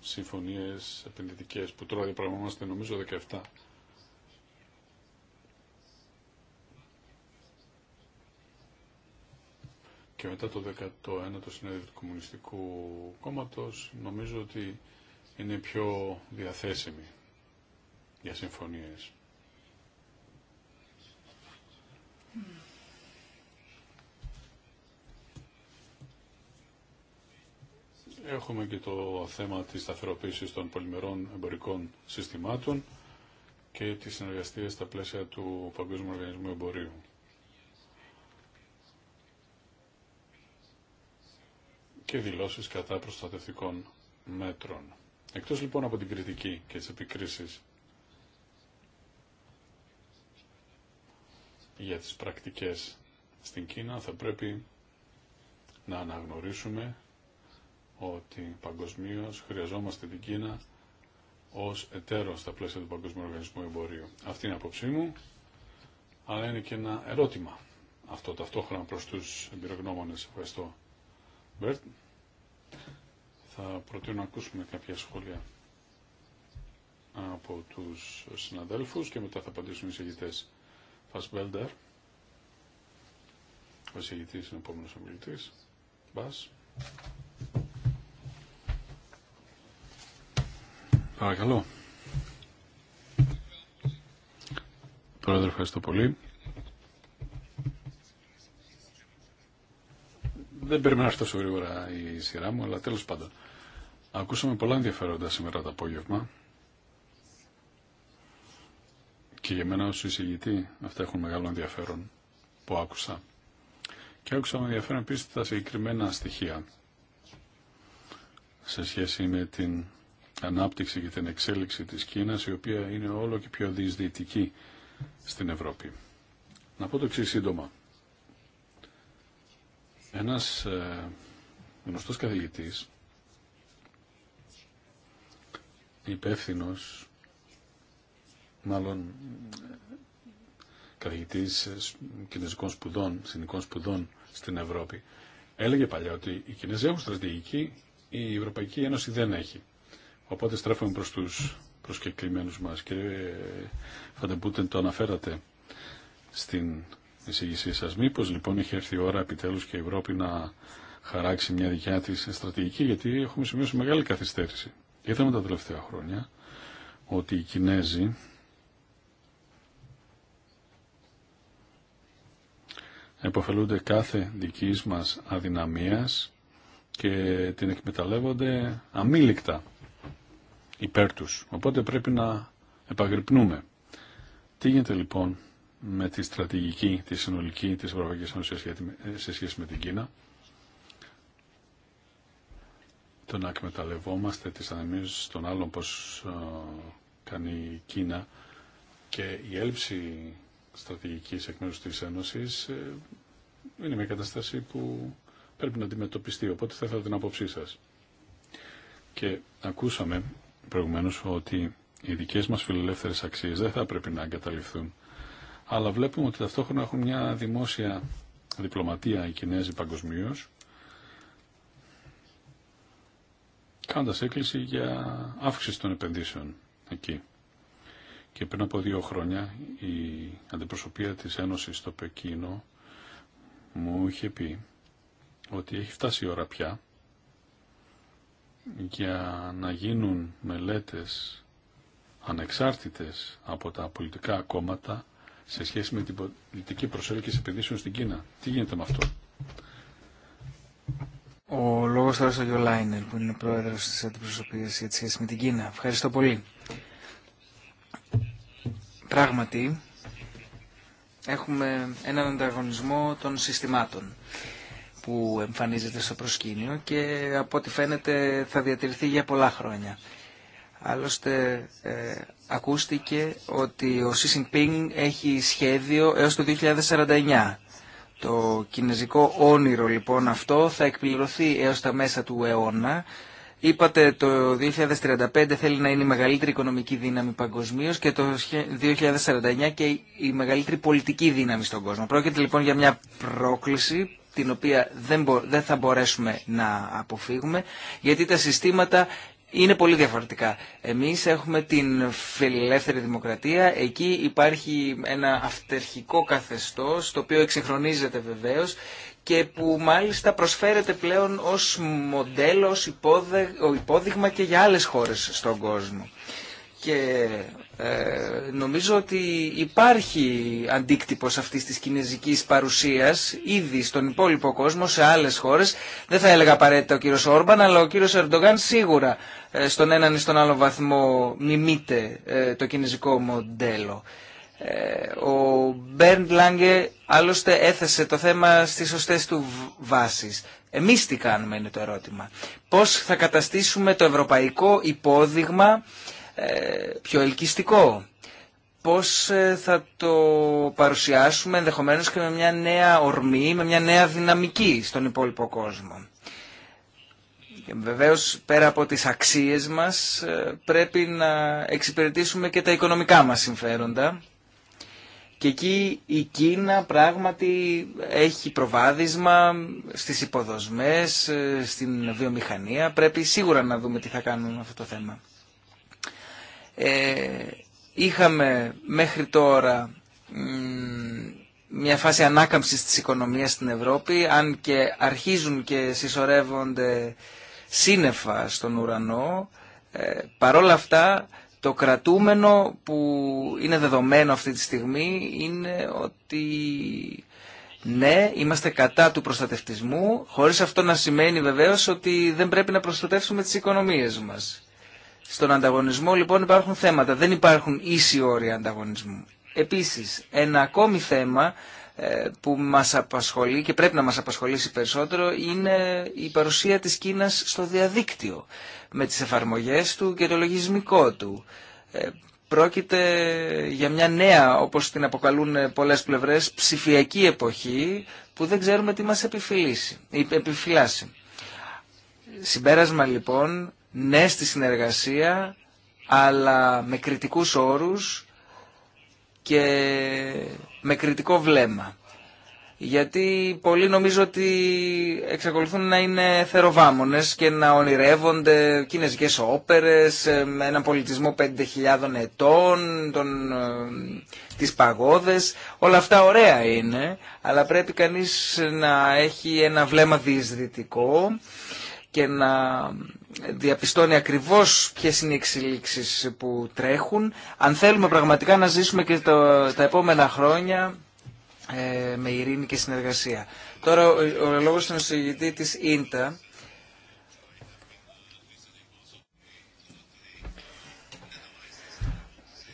συμφωνίες επενδυτικές που τώρα διαπραγματεύονται νομίζω 17 και μετά το 19ο συνέδριο του Κομμουνιστικού Κόμματος νομίζω ότι είναι πιο διαθέσιμη για συμφωνίες. Έχουμε και το θέμα της σταθεροποίησης των πολυμερών εμπορικών συστημάτων και της συνεργασίας στα πλαίσια του Παγκόσμιου Οργανισμού Εμπορίου. και δηλώσεις κατά προστατευτικών μέτρων. Εκτός λοιπόν από την κριτική και τι επικρίσει για τι πρακτικές στην Κίνα θα πρέπει να αναγνωρίσουμε ότι παγκοσμίω χρειαζόμαστε την Κίνα ως εταίρο στα πλαίσια του Παγκοσμίου Οργανισμού Εμπορίου. Αυτή είναι η απόψή μου, αλλά είναι και ένα ερώτημα αυτό ταυτόχρονα προς τους εμπειρογνώμονες. Ευχαριστώ. Θα προτείνω να ακούσουμε κάποια σχόλια από τους συναδέλφους και μετά θα απαντήσουν οι συγγητές. Φασμπέλντερ, ο συγγητής είναι ο επόμενος ομιλητής. Βας Παρακαλώ. Πρόεδρε, ευχαριστώ πολύ. Δεν περιμένω αυτό τόσο γρήγορα η σειρά μου, αλλά τέλος πάντων. Ακούσαμε πολλά ενδιαφέροντα σήμερα το απόγευμα. Και για μένα ως εισηγητή αυτά έχουν μεγάλο ενδιαφέρον που άκουσα. Και άκουσα με ενδιαφέρον επίση τα συγκεκριμένα στοιχεία σε σχέση με την ανάπτυξη και την εξέλιξη της Κίνας, η οποία είναι όλο και πιο διεισδυτική στην Ευρώπη. Να πω το εξή σύντομα. Ένας ε, γνωστός καθηγητής, υπεύθυνο, μάλλον καθηγητής ε, κινέζικων σπουδών, συνικών σπουδών στην Ευρώπη, έλεγε παλιά ότι οι Κινέζοι έχουν στρατηγική, η Ευρωπαϊκή Ένωση δεν έχει. Οπότε στρέφουμε προς τους προσκεκλημένους μας. Κύριε Φαντεμπούτεν, το αναφέρατε στην εισήγησή σας. μήπω λοιπόν έχει έρθει η ώρα επιτέλου και η Ευρώπη να χαράξει μια δικιά της στρατηγική, γιατί έχουμε σημειώσει μεγάλη καθυστέρηση. Είδαμε τα τελευταία χρόνια ότι οι Κινέζοι εποφελούνται κάθε δικής μας αδυναμίας και την εκμεταλλεύονται αμήλικτα υπέρ τους. Οπότε πρέπει να επαγρυπνούμε. Τι γίνεται λοιπόν με τη στρατηγική, τη συνολική της Ευρωπαϊκής Ένωσης σε σχέση με την Κίνα. Το να εκμεταλλευόμαστε τις ανεμίες των άλλων πως ε, κάνει η Κίνα και η έλλειψη στρατηγικής εκ μέρους της Ένωσης ε, είναι μια κατάσταση που πρέπει να αντιμετωπιστεί. Οπότε θα ήθελα την άποψή σας. Και ακούσαμε προηγουμένως ότι οι δικές μας φιλελεύθερες αξίες δεν θα πρέπει να εγκαταλειφθούν αλλά βλέπουμε ότι ταυτόχρονα έχουν μια δημόσια διπλωματία οι Κινέζοι παγκοσμίω, κάνοντα έκκληση για αύξηση των επενδύσεων εκεί. Και πριν από δύο χρόνια η αντιπροσωπεία της Ένωσης στο Πεκίνο μου είχε πει ότι έχει φτάσει η ώρα πια για να γίνουν μελέτες ανεξάρτητες από τα πολιτικά κόμματα σε σχέση με την πολιτική προσέλκυση επενδύσεων στην Κίνα. Τι γίνεται με αυτό. Ο λόγο τώρα στο Γιολάινερ, που είναι πρόεδρο τη αντιπροσωπεία για τη σχέση με την Κίνα. Ευχαριστώ πολύ. Πράγματι, έχουμε έναν ανταγωνισμό των συστημάτων που εμφανίζεται στο προσκήνιο και από ό,τι φαίνεται θα διατηρηθεί για πολλά χρόνια. Άλλωστε, ε, ακούστηκε ότι ο Xi Jinping έχει σχέδιο έως το 2049. Το κινέζικο όνειρο λοιπόν αυτό θα εκπληρωθεί έως τα μέσα του αιώνα. Είπατε το 2035 θέλει να είναι η μεγαλύτερη οικονομική δύναμη παγκοσμίω και το 2049 και η μεγαλύτερη πολιτική δύναμη στον κόσμο. Πρόκειται λοιπόν για μια πρόκληση την οποία δεν, δεν θα μπορέσουμε να αποφύγουμε γιατί τα συστήματα είναι πολύ διαφορετικά. Εμείς έχουμε την φιλελεύθερη δημοκρατία, εκεί υπάρχει ένα αυτερχικό καθεστώς, το οποίο εξυγχρονίζεται βεβαίως και που μάλιστα προσφέρεται πλέον ως μοντέλο, ως υπόδειγμα και για άλλες χώρες στον κόσμο. Ε, νομίζω ότι υπάρχει αντίκτυπος αυτής της κινέζικης παρουσίας ήδη στον υπόλοιπο κόσμο, σε άλλες χώρες. Δεν θα έλεγα απαραίτητα ο κύριος Όρμπαν, αλλά ο κύριος Ερντογάν σίγουρα ε, στον έναν ή στον άλλο βαθμό μιμείται ε, το κινέζικο μοντέλο. Ο Μπέρντ Λάγκε άλλωστε έθεσε το θέμα στις σωστές του βάσεις. Εμείς τι κάνουμε είναι το ερώτημα. Πώς θα καταστήσουμε το ευρωπαϊκό υπόδειγμα πιο ελκυστικό. Πώς ε, θα το παρουσιάσουμε ενδεχομένως και με μια νέα ορμή, με μια νέα δυναμική στον υπόλοιπο κόσμο. βεβαίως πέρα από τις αξίες μας ε, πρέπει να εξυπηρετήσουμε και τα οικονομικά μας συμφέροντα. Και εκεί η Κίνα πράγματι έχει προβάδισμα στις υποδοσμές, ε, στην βιομηχανία. Πρέπει σίγουρα να δούμε τι θα κάνουμε αυτό το θέμα. Ε, είχαμε μέχρι τώρα μια φάση ανάκαμψης της οικονομίας στην Ευρώπη, αν και αρχίζουν και συσσωρεύονται σύννεφα στον ουρανό, ε, παρόλα αυτά το κρατούμενο που είναι δεδομένο αυτή τη στιγμή είναι ότι ναι, είμαστε κατά του προστατευτισμού, χωρίς αυτό να σημαίνει βεβαίως ότι δεν πρέπει να προστατεύσουμε τις οικονομίες μας. Στον ανταγωνισμό λοιπόν υπάρχουν θέματα, δεν υπάρχουν ίσοι όροι ανταγωνισμού. Επίσης, ένα ακόμη θέμα ε, που μας απασχολεί και πρέπει να μας απασχολήσει περισσότερο είναι η παρουσία της Κίνας στο διαδίκτυο με τις εφαρμογές του και το λογισμικό του. Ε, πρόκειται για μια νέα, όπως την αποκαλούν πολλές πλευρές, ψηφιακή εποχή που δεν ξέρουμε τι μας ε, επιφυλάσει. Συμπέρασμα λοιπόν ναι στη συνεργασία, αλλά με κριτικούς όρους και με κριτικό βλέμμα. Γιατί πολλοί νομίζω ότι εξακολουθούν να είναι θεροβάμονες και να ονειρεύονται κινέζικες όπερες, ε, έναν πολιτισμό 5.000 ετών, τον, ε, τις παγόδες. Όλα αυτά ωραία είναι, αλλά πρέπει κανείς να έχει ένα βλέμμα διεισδυτικό και να διαπιστώνει ακριβώς ποιες είναι οι εξελίξεις που τρέχουν. Αν θέλουμε πραγματικά να ζήσουμε και το, τα επόμενα χρόνια ε, με ειρήνη και συνεργασία. Τώρα ο, ο λόγος είναι της ΙΝΤΑ.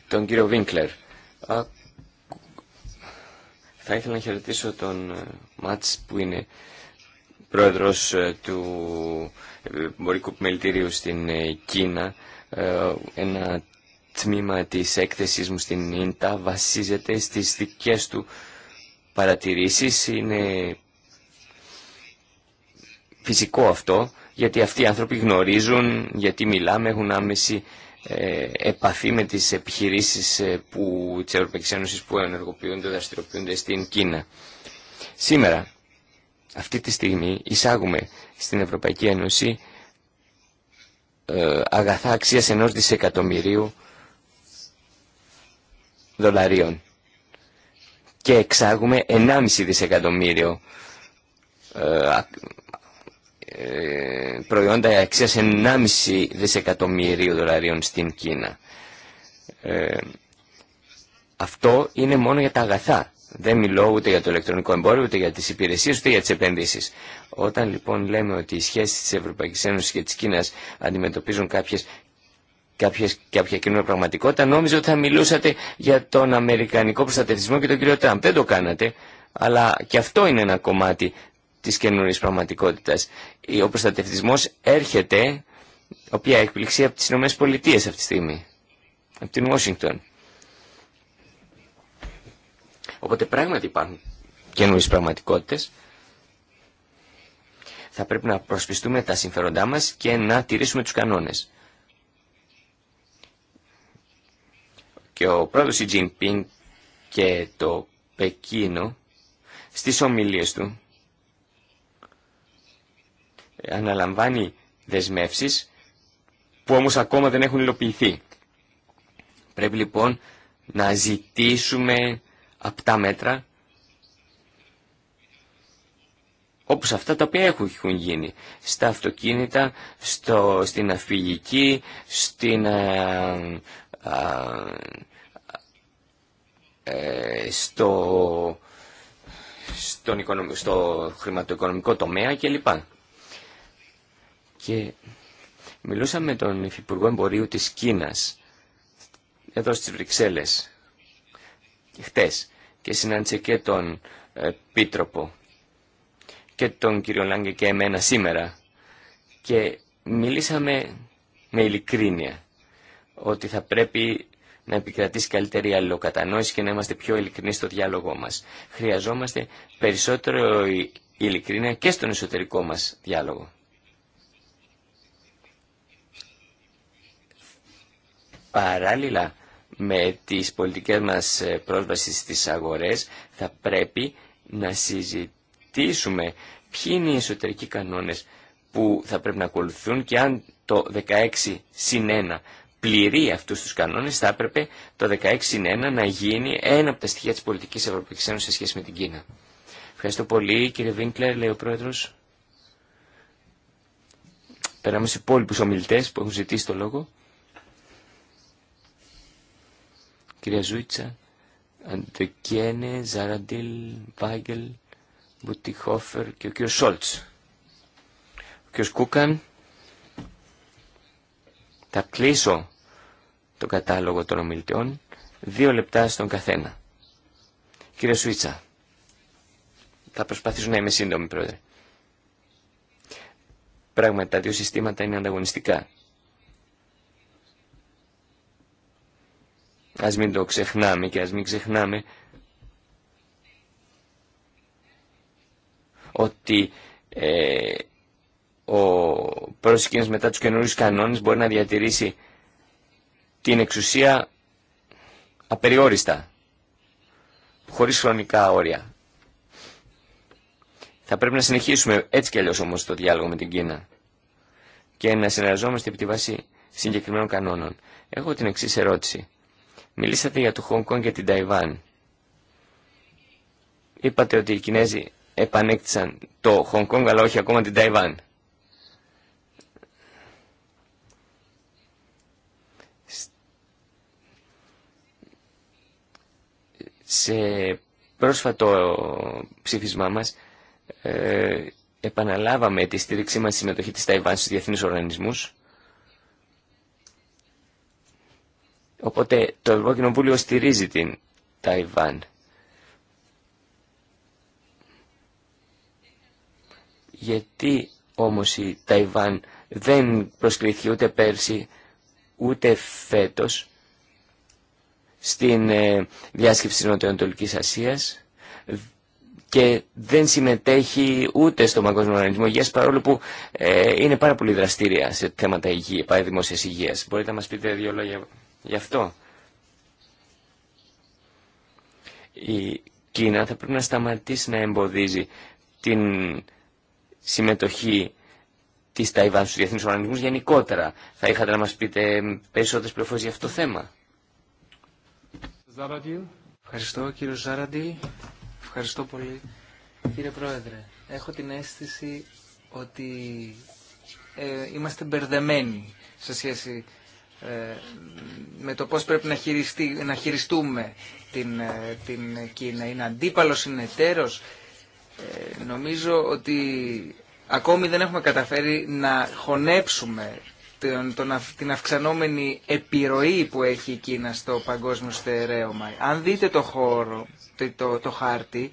Τον κύριο Βίνκλερ. Θα ήθελα να χαιρετήσω τον ε, Μάτς που είναι πρόεδρος ε, του ο μελητηρίου στην ε, Κίνα, ε, ένα τμήμα της έκθεσης μου στην Ίντα βασίζεται στις δικές του παρατηρήσεις. Είναι φυσικό αυτό, γιατί αυτοί οι άνθρωποι γνωρίζουν, γιατί μιλάμε, έχουν άμεση ε, επαφή με τις επιχειρήσεις που, της Ευρωπαϊκής που ενεργοποιούνται, δραστηριοποιούνται στην Κίνα. Σήμερα αυτή τη στιγμή εισάγουμε στην Ευρωπαϊκή Ένωση ε, αγαθά αξίας ενός δισεκατομμυρίου δολαρίων και εξάγουμε 1,5 δισεκατομμύριο ε, ε, προϊόντα αξίας 1,5 δισεκατομμυρίου δολαρίων στην Κίνα. αυτό είναι μόνο για τα αγαθά. Δεν μιλώ ούτε για το ηλεκτρονικό εμπόριο, ούτε για τις υπηρεσίες, ούτε για τις επενδύσεις. Όταν λοιπόν λέμε ότι οι σχέσεις της Ευρωπαϊκής Ένωσης και της Κίνας αντιμετωπίζουν κάποιες, κάποιες, κάποια καινούργια πραγματικότητα, νόμιζα ότι θα μιλούσατε για τον Αμερικανικό προστατευτισμό και τον κύριο Τραμπ. Δεν το κάνατε, αλλά και αυτό είναι ένα κομμάτι της καινούριας πραγματικότητας. Ο προστατευτισμός έρχεται, οποία έχει πληξεί από τις ΗΠΑ αυτή τη στιγμή, από την Ουάσιγκτον. Οπότε πράγματι υπάρχουν καινούριε πραγματικότητε. Θα πρέπει να προσπιστούμε τα συμφέροντά μας και να τηρήσουμε τους κανόνες. Και ο πρόεδρος Xi Πιν και το Πεκίνο στις ομιλίες του αναλαμβάνει δεσμεύσεις που όμως ακόμα δεν έχουν υλοποιηθεί. Πρέπει λοιπόν να ζητήσουμε απτά μέτρα όπως αυτά τα οποία έχουν, γίνει στα αυτοκίνητα, στο, στην αφηγική, στην, ε, ε, ε, στο, στον χρηματοοικονομικό τομέα κλπ. Και μιλούσαμε με τον Υφυπουργό Εμπορίου της Κίνας εδώ στις Βρυξέλλες χτες και συνάντησε και τον ε, Πίτροπο και τον κύριο Λάγκε και εμένα σήμερα και μιλήσαμε με ειλικρίνεια ότι θα πρέπει να επικρατήσει καλύτερη αλληλοκατανόηση και να είμαστε πιο ειλικρινεί στο διάλογό μας. Χρειαζόμαστε περισσότερο ειλικρίνεια και στον εσωτερικό μας διάλογο. Παράλληλα, με τις πολιτικές μας ε, πρόσβαση στις αγορές θα πρέπει να συζητήσουμε ποιοι είναι οι εσωτερικοί κανόνες που θα πρέπει να ακολουθούν και αν το 16 συν 1 πληρεί αυτούς τους κανόνες θα έπρεπε το 16 1 να γίνει ένα από τα στοιχεία της πολιτικής Ευρωπαϊκής Ένωσης σε σχέση με την Κίνα. Ευχαριστώ πολύ κύριε Βίνκλερ, λέει ο πρόεδρος. Περάμε στους υπόλοιπους ομιλητές που έχουν ζητήσει το λόγο. κυρία Ζούιτσα, Αντεκένε, Ζαραντήλ, Βάγγελ, Μπουτιχόφερ και ο κύριος Σόλτς. Ο κύριος Κούκαν. Θα κλείσω το κατάλογο των ομιλητών. Δύο λεπτά στον καθένα. Κύριε Σουίτσα, θα προσπαθήσω να είμαι σύντομη, Πρόεδρε. Πράγματι, τα δύο συστήματα είναι ανταγωνιστικά. Ας μην το ξεχνάμε και ας μην ξεχνάμε ότι ε, ο πρόσκυνος μετά τους καινούριους κανόνες μπορεί να διατηρήσει την εξουσία απεριόριστα, χωρίς χρονικά όρια. Θα πρέπει να συνεχίσουμε έτσι κι αλλιώς όμως το διάλογο με την Κίνα και να συνεργαζόμαστε επί τη βάση συγκεκριμένων κανόνων. Έχω την εξής ερώτηση. Μιλήσατε για το Χονγκ Κόνγκ και την Ταϊβάν. Είπατε ότι οι Κινέζοι επανέκτησαν το Χονγκ Κόνγκ αλλά όχι ακόμα την Ταϊβάν. Σε πρόσφατο ψήφισμά μας ε, επαναλάβαμε τη στήριξή μας στη συμμετοχή της Ταϊβάν στους διεθνείς οργανισμούς Οπότε το Ευρωπαϊκό Κοινοβούλιο στηρίζει την Ταϊβάν. Γιατί όμως η Ταϊβάν δεν προσκληθεί ούτε πέρσι ούτε φέτος στην ε, διάσκεψη της Νοτιοανατολικής Ασίας και δεν συμμετέχει ούτε στο Μαγκόσμιο Οργανισμό Υγείας παρόλο που ε, είναι πάρα πολύ δραστήρια σε θέματα υγεία, δημόσιας υγείας. Μπορείτε να μας πείτε δύο λόγια Γι' αυτό η Κίνα θα πρέπει να σταματήσει να εμποδίζει την συμμετοχή της Ταϊβάν στους διεθνείς οργανισμούς γενικότερα. Θα είχατε να μας πείτε περισσότερες πληροφορίες για αυτό το θέμα. Ευχαριστώ κύριο Ζάραντι. Ευχαριστώ πολύ. Κύριε Πρόεδρε, έχω την αίσθηση ότι ε, είμαστε μπερδεμένοι σε σχέση ε, με το πώς πρέπει να, χειριστούμε την, ε, την Κίνα. Είναι αντίπαλος, είναι εταίρος. Ε, νομίζω ότι ακόμη δεν έχουμε καταφέρει να χωνέψουμε τον, την αυξανόμενη επιρροή που έχει η Κίνα στο παγκόσμιο στερέωμα. Αν δείτε το χώρο, το, το, χάρτη,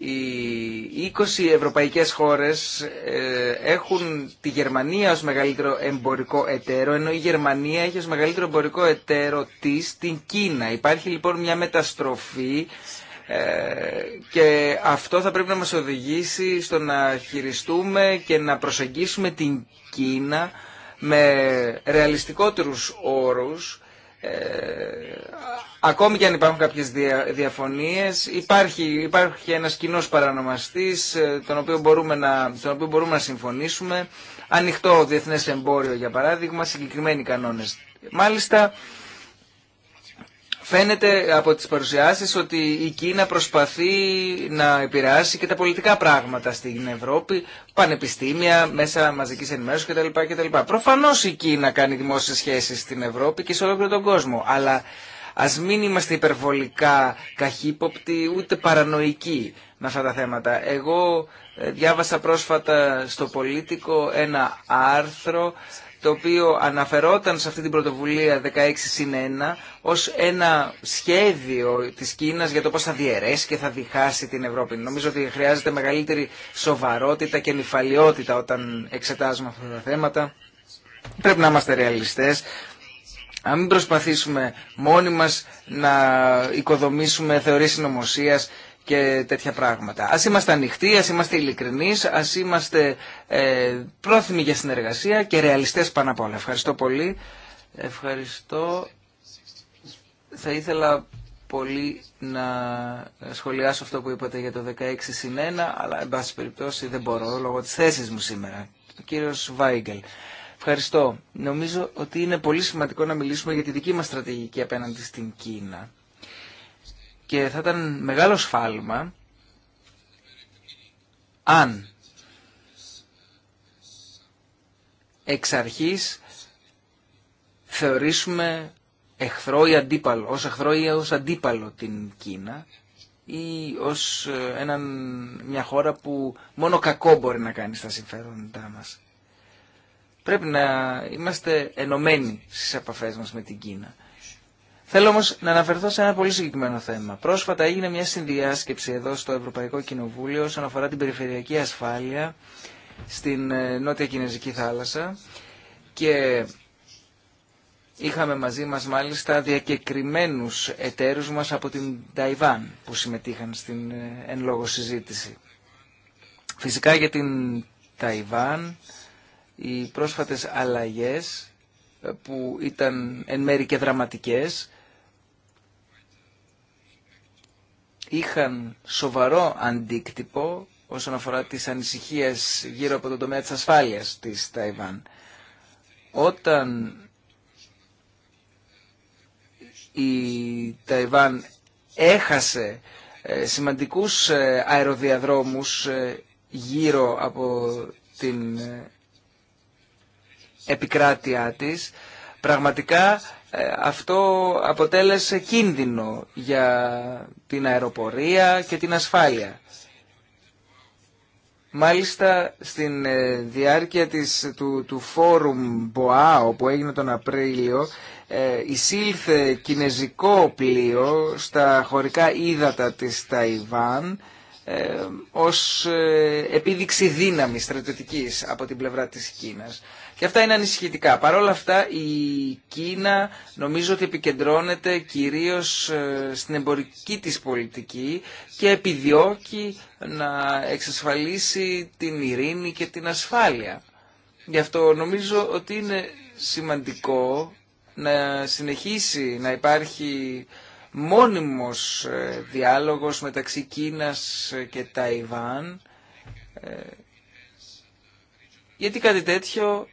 οι 20 ευρωπαϊκές χώρες ε, έχουν τη Γερμανία ως μεγαλύτερο εμπορικό εταίρο, ενώ η Γερμανία έχει ως μεγαλύτερο εμπορικό εταίρο της την Κίνα. Υπάρχει λοιπόν μια μεταστροφή ε, και αυτό θα πρέπει να μας οδηγήσει στο να χειριστούμε και να προσεγγίσουμε την Κίνα με ρεαλιστικότερους όρους ε, ακόμη και αν υπάρχουν κάποιες διαφωνίες υπάρχει, υπάρχει ένας κοινός παρανομαστής ε, τον οποίο, μπορούμε να, τον οποίο μπορούμε να συμφωνήσουμε ανοιχτό διεθνές εμπόριο για παράδειγμα συγκεκριμένοι κανόνες μάλιστα Φαίνεται από τις παρουσιάσεις ότι η Κίνα προσπαθεί να επηρεάσει και τα πολιτικά πράγματα στην Ευρώπη, πανεπιστήμια, μέσα μαζικής ενημέρωσης κτλ. κτλ. Προφανώς η Κίνα κάνει δημόσιες σχέσεις στην Ευρώπη και σε όλο τον κόσμο, αλλά ας μην είμαστε υπερβολικά καχύποπτοι ούτε παρανοϊκοί με αυτά τα θέματα. Εγώ ε, διάβασα πρόσφατα στο Πολίτικο ένα άρθρο το οποίο αναφερόταν σε αυτή την πρωτοβουλία 16 συν 1 ως ένα σχέδιο της Κίνας για το πώς θα διαιρέσει και θα διχάσει την Ευρώπη. Νομίζω ότι χρειάζεται μεγαλύτερη σοβαρότητα και νυφαλιότητα όταν εξετάζουμε αυτά τα θέματα. Πρέπει να είμαστε ρεαλιστές. Αν μην προσπαθήσουμε μόνοι μας να οικοδομήσουμε θεωρίες συνωμοσία και τέτοια πράγματα. Ας είμαστε ανοιχτοί, ας είμαστε ειλικρινείς, ας είμαστε ε, πρόθυμοι για συνεργασία και ρεαλιστές πάνω απ' όλα. Ευχαριστώ πολύ. Ευχαριστώ. Θα ήθελα πολύ να σχολιάσω αυτό που είπατε για το 16 συν 1, αλλά εν πάση περιπτώσει δεν μπορώ λόγω της θέσης μου σήμερα. Ο κύριος Βάιγκελ. Ευχαριστώ. Νομίζω ότι είναι πολύ σημαντικό να μιλήσουμε για τη δική μας στρατηγική απέναντι στην Κίνα. Και θα ήταν μεγάλο σφάλμα αν εξ αρχής θεωρήσουμε εχθρό ή αντίπαλο, ως εχθρό ή ως αντίπαλο την Κίνα ή ως ε, έναν, μια χώρα που μόνο κακό μπορεί να κάνει στα συμφέροντά μας. Πρέπει να είμαστε ενωμένοι στις επαφές μας με την Κίνα. Θέλω όμω να αναφερθώ σε ένα πολύ συγκεκριμένο θέμα. Πρόσφατα έγινε μια συνδιάσκεψη εδώ στο Ευρωπαϊκό Κοινοβούλιο όσον αφορά την περιφερειακή ασφάλεια στην ε, Νότια Κινέζικη θάλασσα και είχαμε μαζί μας μάλιστα διακεκριμένους εταίρους μας από την Ταϊβάν που συμμετείχαν στην ε, εν λόγω συζήτηση. Φυσικά για την Ταϊβάν οι πρόσφατες αλλαγές ε, που ήταν εν μέρη και δραματικές είχαν σοβαρό αντίκτυπο όσον αφορά τις ανησυχίες γύρω από τον τομέα της ασφάλειας της Ταϊβάν. Όταν η Ταϊβάν έχασε ε, σημαντικούς ε, αεροδιαδρόμους ε, γύρω από την επικράτειά της, πραγματικά ε, αυτό αποτέλεσε κίνδυνο για την αεροπορία και την ασφάλεια. Μάλιστα στην ε, διάρκεια του, του φόρουμ Μποάο που έγινε τον Απρίλιο ε, εισήλθε κινέζικο πλοίο στα χωρικά ύδατα της Ταϊβάν ε, ως ε, επίδειξη δύναμης στρατιωτικής από την πλευρά της Κίνας. Και αυτά είναι ανησυχητικά. Παρ' όλα αυτά η Κίνα νομίζω ότι επικεντρώνεται κυρίως ε, στην εμπορική της πολιτική και επιδιώκει να εξασφαλίσει την ειρήνη και την ασφάλεια. Γι' αυτό νομίζω ότι είναι σημαντικό να συνεχίσει να υπάρχει μόνιμος ε, διάλογος μεταξύ Κίνας ε, και Ταϊβάν γιατί κάτι τέτοιο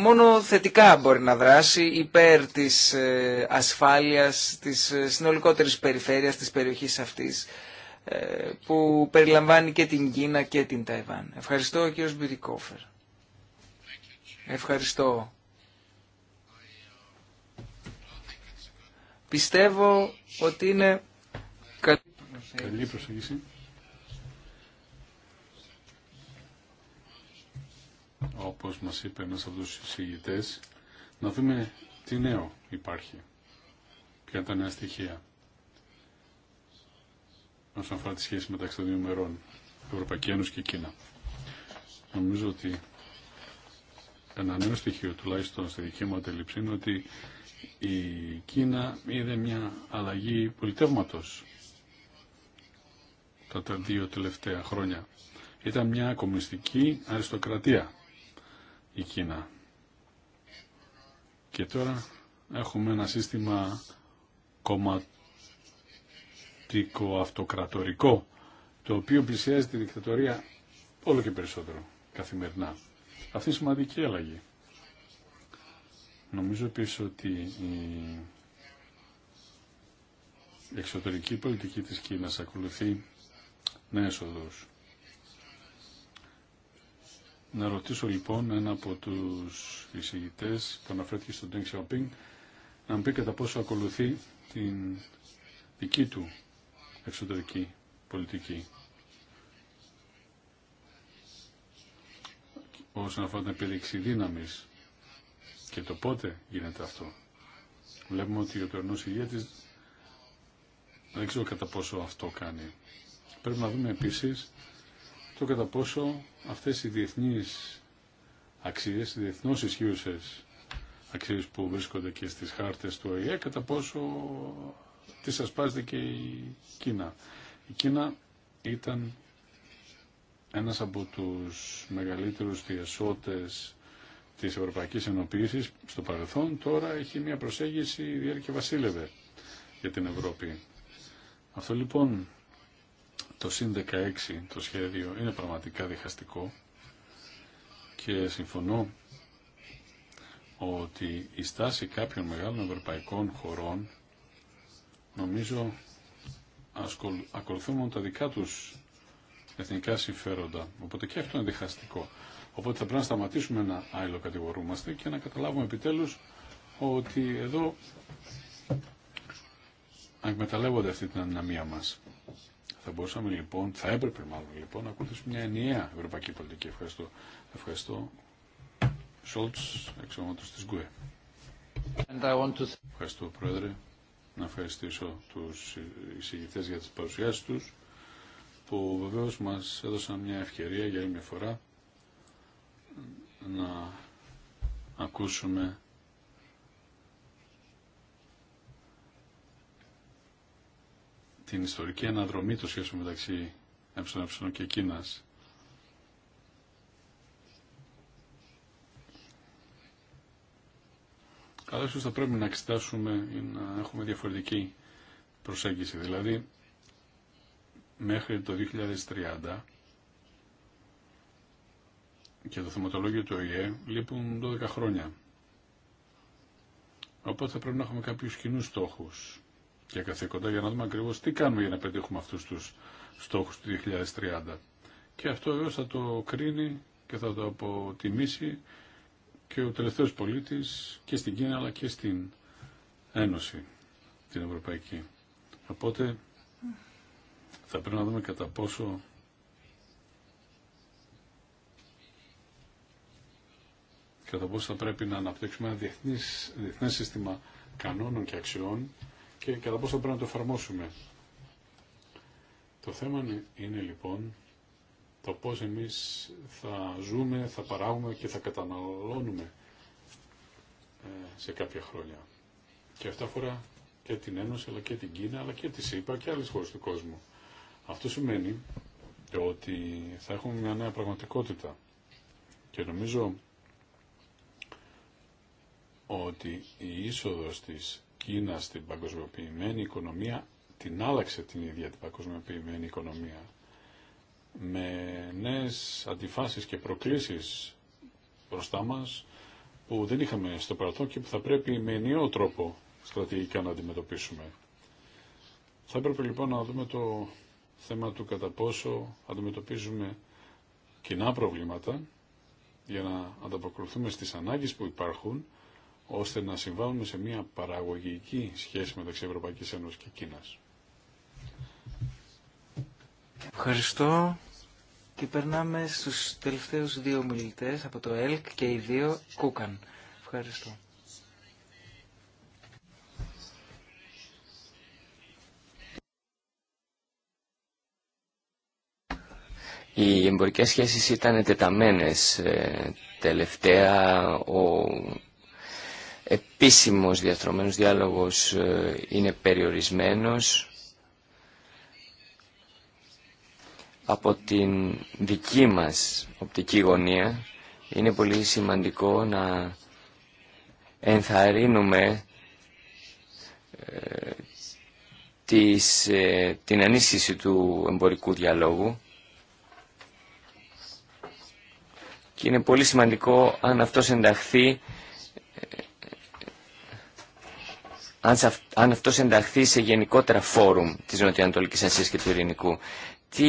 μόνο θετικά μπορεί να δράσει υπέρ της ε, ασφάλειας, της ε, συνολικότερης περιφέρειας της περιοχής αυτής ε, που περιλαμβάνει και την Κίνα και την Ταϊβάν. Ευχαριστώ κύριος Μπιρικόφερ. Ευχαριστώ. Πιστεύω ότι είναι καλή προσέγγιση. όπως μας είπε ένας από τους συζητητές να δούμε τι νέο υπάρχει. Ποια τα νέα στοιχεία όσον αφορά τη σχέση μεταξύ των δύο μερών, Ευρωπαϊκή Ένωση και Κίνα. Νομίζω ότι ένα νέο στοιχείο, τουλάχιστον στη δική μου είναι ότι η Κίνα είδε μια αλλαγή πολιτεύματος τα δύο τελευταία χρόνια. Ήταν μια κομμουνιστική αριστοκρατία Κίνα. Και τώρα έχουμε ένα σύστημα κομματικό αυτοκρατορικό το οποίο πλησιάζει τη δικτατορία όλο και περισσότερο καθημερινά. Αυτή είναι σημαντική αλλαγή. Νομίζω επίσης ότι η εξωτερική πολιτική της Κίνας ακολουθεί νέες οδούς. Να ρωτήσω λοιπόν ένα από τους εισηγητές που αναφέρθηκε στον Deng Xiaoping να μου πει κατά πόσο ακολουθεί την δική του εξωτερική πολιτική. όσον αφορά την επίδειξη δύναμη και το πότε γίνεται αυτό. Βλέπουμε ότι ο τωρινό ηγέτη δεν ξέρω κατά πόσο αυτό κάνει. Πρέπει να δούμε επίση το κατά πόσο αυτές οι διεθνείς αξίες, οι διεθνώς ισχύουσες αξίες που βρίσκονται και στις χάρτες του ΟΗΕ, κατά πόσο τις ασπάζεται και η Κίνα. Η Κίνα ήταν ένας από τους μεγαλύτερους διασώτες της Ευρωπαϊκής Ενοποίησης στο παρελθόν, τώρα έχει μια προσέγγιση διάρκεια βασίλευε για την Ευρώπη. Αυτό λοιπόν το ΣΥΝ 16 το σχέδιο είναι πραγματικά διχαστικό και συμφωνώ ότι η στάση κάποιων μεγάλων ευρωπαϊκών χωρών νομίζω ακολουθούν μόνο τα δικά τους εθνικά συμφέροντα. Οπότε και αυτό είναι διχαστικό. Οπότε θα πρέπει να σταματήσουμε να άλλο κατηγορούμαστε και να καταλάβουμε επιτέλους ότι εδώ εκμεταλλεύονται αυτή την αναμία μας. Θα μπορούσαμε λοιπόν, θα έπρεπε μάλλον λοιπόν, να ακολουθήσουμε μια ενιαία ευρωπαϊκή πολιτική. Ευχαριστώ. Ευχαριστώ. Σόλτς, εξωματός της ΓΚΟΕ. Ευχαριστώ Πρόεδρε. Να ευχαριστήσω του εισηγητέ για τι παρουσιάσει του που βεβαίω μα έδωσαν μια ευκαιρία για άλλη μια φορά να ακούσουμε την ιστορική αναδρομή του σχέσεων μεταξύ ΕΕ και Κίνας. Αλλά ίσως θα πρέπει να εξετάσουμε ή να έχουμε διαφορετική προσέγγιση. Δηλαδή, μέχρι το 2030 και το θεματολόγιο του ΟΗΕ λείπουν 12 χρόνια. Οπότε θα πρέπει να έχουμε κάποιους κοινού στόχους και καθήκοντα για να δούμε ακριβώς τι κάνουμε για να πετύχουμε αυτούς τους στόχους του 2030. Και αυτό βέβαια θα το κρίνει και θα το αποτιμήσει και ο τελευταίος πολίτης και στην Κίνα αλλά και στην Ένωση την Ευρωπαϊκή. Οπότε θα πρέπει να δούμε κατά πόσο κατά πόσο θα πρέπει να αναπτύξουμε ένα διεθνές, διεθνές σύστημα κανόνων και αξιών και κατά πόσο πρέπει να το εφαρμόσουμε. Το θέμα είναι λοιπόν το πώς εμείς θα ζούμε, θα παράγουμε και θα καταναλώνουμε ε, σε κάποια χρόνια. Και αυτά αφορά και την Ένωση, αλλά και την Κίνα, αλλά και τη ΣΥΠΑ και άλλες χώρες του κόσμου. Αυτό σημαίνει ότι θα έχουμε μια νέα πραγματικότητα. Και νομίζω ότι η είσοδος της Κίνα στην παγκοσμιοποιημένη οικονομία την άλλαξε την ίδια την παγκοσμιοποιημένη οικονομία με νέες αντιφάσεις και προκλήσεις μπροστά μας που δεν είχαμε στο παρελθόν και που θα πρέπει με ενιαίο τρόπο στρατηγικά να αντιμετωπίσουμε. Θα έπρεπε λοιπόν να δούμε το θέμα του κατά πόσο αντιμετωπίζουμε κοινά προβλήματα για να ανταποκριθούμε στις ανάγκες που υπάρχουν ώστε να συμβάλλουμε σε μια παραγωγική σχέση μεταξύ Ευρωπαϊκής Ένωσης και Κίνας. Ευχαριστώ. Και περνάμε στους τελευταίους δύο μιλητές από το ΕΛΚ και οι δύο Κούκαν. Ευχαριστώ. Οι εμπορικές σχέσεις ήταν τεταμένες. Ε, τελευταία ο επίσημος διαστρωμένος διάλογος ε, είναι περιορισμένος από την δική μας οπτική γωνία είναι πολύ σημαντικό να ενθαρρύνουμε ε, της, ε, την ανίσχυση του εμπορικού διαλόγου και είναι πολύ σημαντικό αν αυτός ενταχθεί αν αυτός ενταχθεί σε γενικότερα φόρουμ της Νοτιοανατολικής Ασίας και του Ειρηνικού. Τι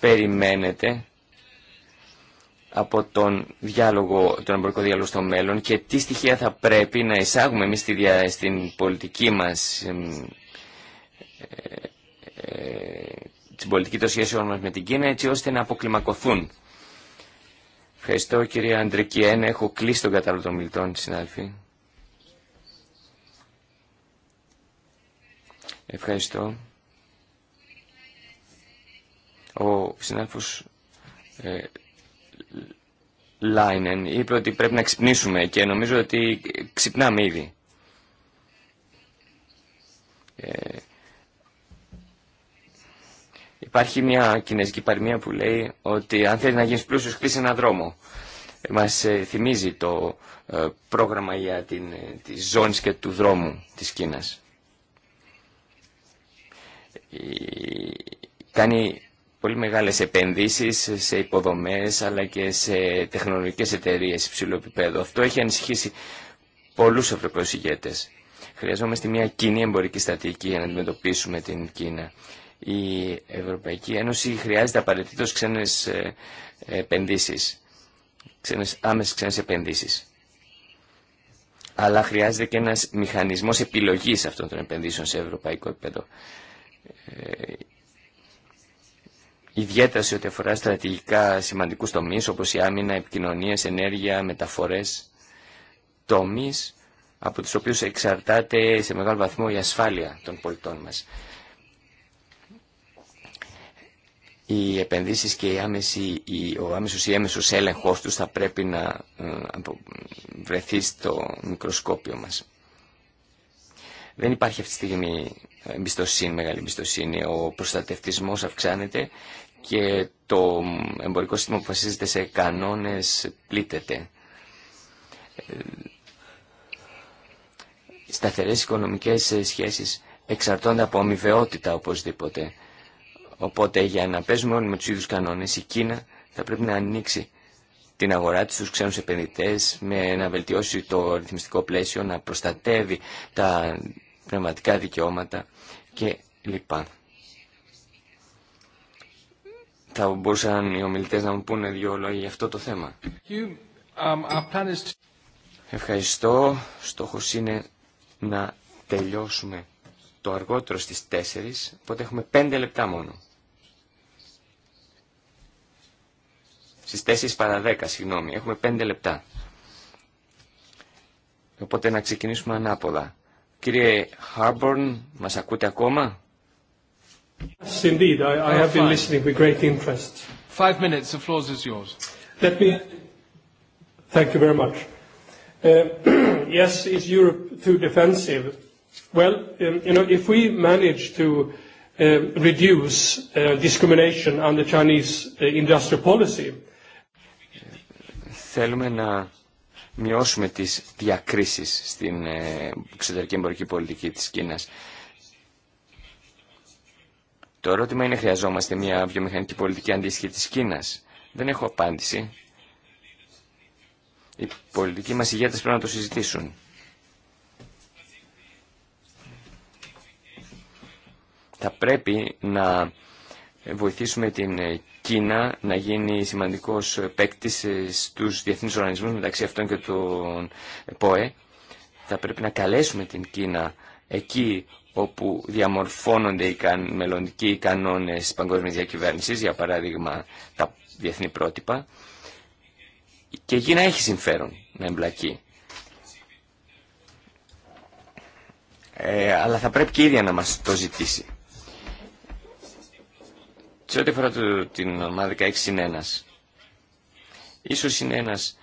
περιμένετε από τον, διάλογο, τον εμπορικό διάλογο στο μέλλον και τι στοιχεία θα πρέπει να εισάγουμε εμείς στην πολιτική μας ε, ε, την πολιτική των σχέσεων μας με την Κίνα έτσι ώστε να αποκλιμακωθούν. Ευχαριστώ κυρία Αντρικιέν. Έχω κλείσει τον κατάλογο των μιλητών, συνάδελφοι. Ευχαριστώ. Ο συνάδελφος ε, Λάινεν είπε ότι πρέπει να ξυπνήσουμε και νομίζω ότι ξυπνάμε ήδη. Ε, υπάρχει μια κινέζικη παροιμία που λέει ότι αν θέλει να γίνει πλούσιος χτίσει ένα δρόμο. Ε, μας ε, θυμίζει το ε, πρόγραμμα για την, τις ζώνες και του δρόμου της Κίνας. Ε, κάνει πολύ μεγάλες επενδύσεις σε υποδομές αλλά και σε τεχνολογικές εταιρείες υψηλού επίπεδου. Αυτό έχει ανησυχήσει πολλούς Ευρωπαίους ηγέτες. Χρειαζόμαστε μια κοινή εμπορική στατική για να αντιμετωπίσουμε την Κίνα. Η Ευρωπαϊκή Ένωση χρειάζεται απαραίτητο ξένες ε, επενδύσεις, ξένες, άμεσες ξένες επενδύσεις. Αλλά χρειάζεται και ένας μηχανισμός επιλογής αυτών των επενδύσεων σε ευρωπαϊκό επίπεδο. Ε, ιδιαίτερα σε ό,τι αφορά στρατηγικά σημαντικούς τομείς όπως η άμυνα, επικοινωνίες, ενέργεια, μεταφορές, τομείς από τους οποίους εξαρτάται σε μεγάλο βαθμό η ασφάλεια των πολιτών μας. Οι επενδύσεις και η άμεση, ο άμεσος ή έμεσος έλεγχος τους θα πρέπει να ε, βρεθεί στο μικροσκόπιο μας. Δεν υπάρχει αυτή τη στιγμή εμπιστοσύνη, μεγάλη εμπιστοσύνη. Ο προστατευτισμός αυξάνεται και το εμπορικό σύστημα που βασίζεται σε κανόνες πλήττεται. Ε, σταθερές οικονομικές σχέσεις εξαρτώνται από αμοιβαιότητα οπωσδήποτε. Οπότε για να παίζουμε όλοι με τους ίδιους κανόνες η Κίνα θα πρέπει να ανοίξει την αγορά της στους ξένους επενδυτές με να βελτιώσει το ρυθμιστικό πλαίσιο, να προστατεύει τα πνευματικά δικαιώματα και λοιπά. Θα μπορούσαν οι ομιλητές να μου πούνε δύο λόγια για αυτό το θέμα. Um, Ευχαριστώ. Στόχος είναι να τελειώσουμε το αργότερο στις 4, οπότε έχουμε πέντε λεπτά μόνο. Στις 4 παρα 10, συγγνώμη, έχουμε πέντε λεπτά. Οπότε να ξεκινήσουμε ανάποδα. Κύριε Χάρμπορν, μας ακούτε ακόμα? Yes, indeed. I, I have been listening with great interest. Five minutes. The floor is yours. Let me. Thank you very much. yes, is Europe too defensive? Well, you know, if we manage to reduce discrimination under Chinese industrial policy, θέλουμε να μειώσουμε τις διακρίσεις στην ε, εξωτερική εμπορική πολιτική της Κίνας. Το ερώτημα είναι χρειαζόμαστε μια βιομηχανική πολιτική αντίστοιχη της Κίνας. Δεν έχω απάντηση. Οι πολιτικοί μας ηγέτες πρέπει να το συζητήσουν. Θα πρέπει να βοηθήσουμε την Κίνα να γίνει σημαντικός παίκτη στους διεθνείς οργανισμούς μεταξύ αυτών και των ΠΟΕ. Θα πρέπει να καλέσουμε την Κίνα εκεί όπου διαμορφώνονται οι μελλοντικοί κανόνες τη παγκόσμιας διακυβέρνησης, για παράδειγμα τα διεθνή πρότυπα, και εκεί να έχει συμφέρον να εμπλακεί. Ε, αλλά θα πρέπει και η ίδια να μας το ζητήσει. Σε ό,τι αφορά την ομάδα 16 συν 1, ίσως είναι ένας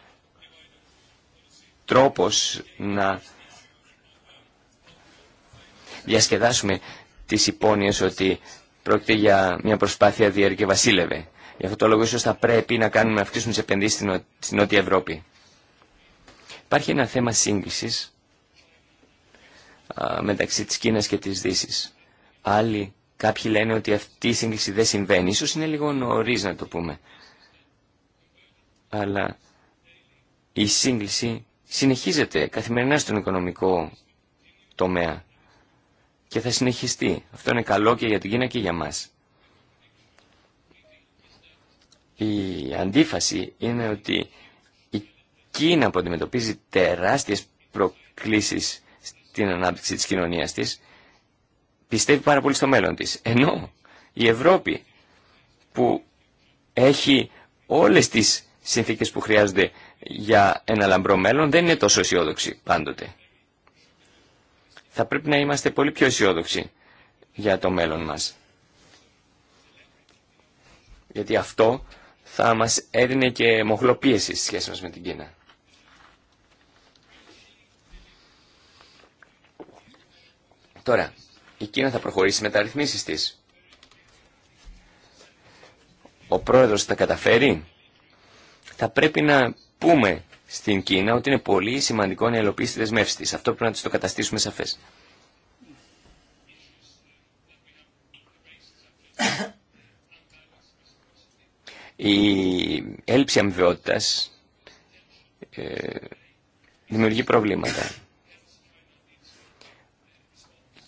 τρόπος να διασκεδάσουμε τις υπόνοιες ότι πρόκειται για μια προσπάθεια διέρη και βασίλευε. Γι' αυτό το λόγο ίσως θα πρέπει να κάνουμε αυτές τις επενδύσεις στην, στην Νότια Ευρώπη. Υπάρχει ένα θέμα σύγκλησης μεταξύ της Κίνας και της Δύσης. Άλλοι Κάποιοι λένε ότι αυτή η σύγκληση δεν συμβαίνει. Ίσως είναι λίγο νωρίς να το πούμε. Αλλά η σύγκληση συνεχίζεται καθημερινά στον οικονομικό τομέα και θα συνεχιστεί. Αυτό είναι καλό και για την Κίνα και για μας. Η αντίφαση είναι ότι η Κίνα που αντιμετωπίζει τεράστιες προκλήσεις στην ανάπτυξη της κοινωνίας της πιστεύει πάρα πολύ στο μέλλον της. Ενώ η Ευρώπη που έχει όλες τις συνθήκες που χρειάζονται για ένα λαμπρό μέλλον δεν είναι τόσο αισιόδοξη πάντοτε. Θα πρέπει να είμαστε πολύ πιο αισιόδοξοι για το μέλλον μας. Γιατί αυτό θα μας έδινε και μοχλοπίεση στη σχέση μας με την Κίνα. Τώρα, η Κίνα θα προχωρήσει με τα ρυθμίσεις της. Ο πρόεδρος θα καταφέρει. Θα πρέπει να πούμε στην Κίνα ότι είναι πολύ σημαντικό να ελοπίσει τη δεσμεύση της. Αυτό πρέπει να της το καταστήσουμε σαφές. Η έλλειψη αμοιβαιότητας ε, δημιουργεί προβλήματα.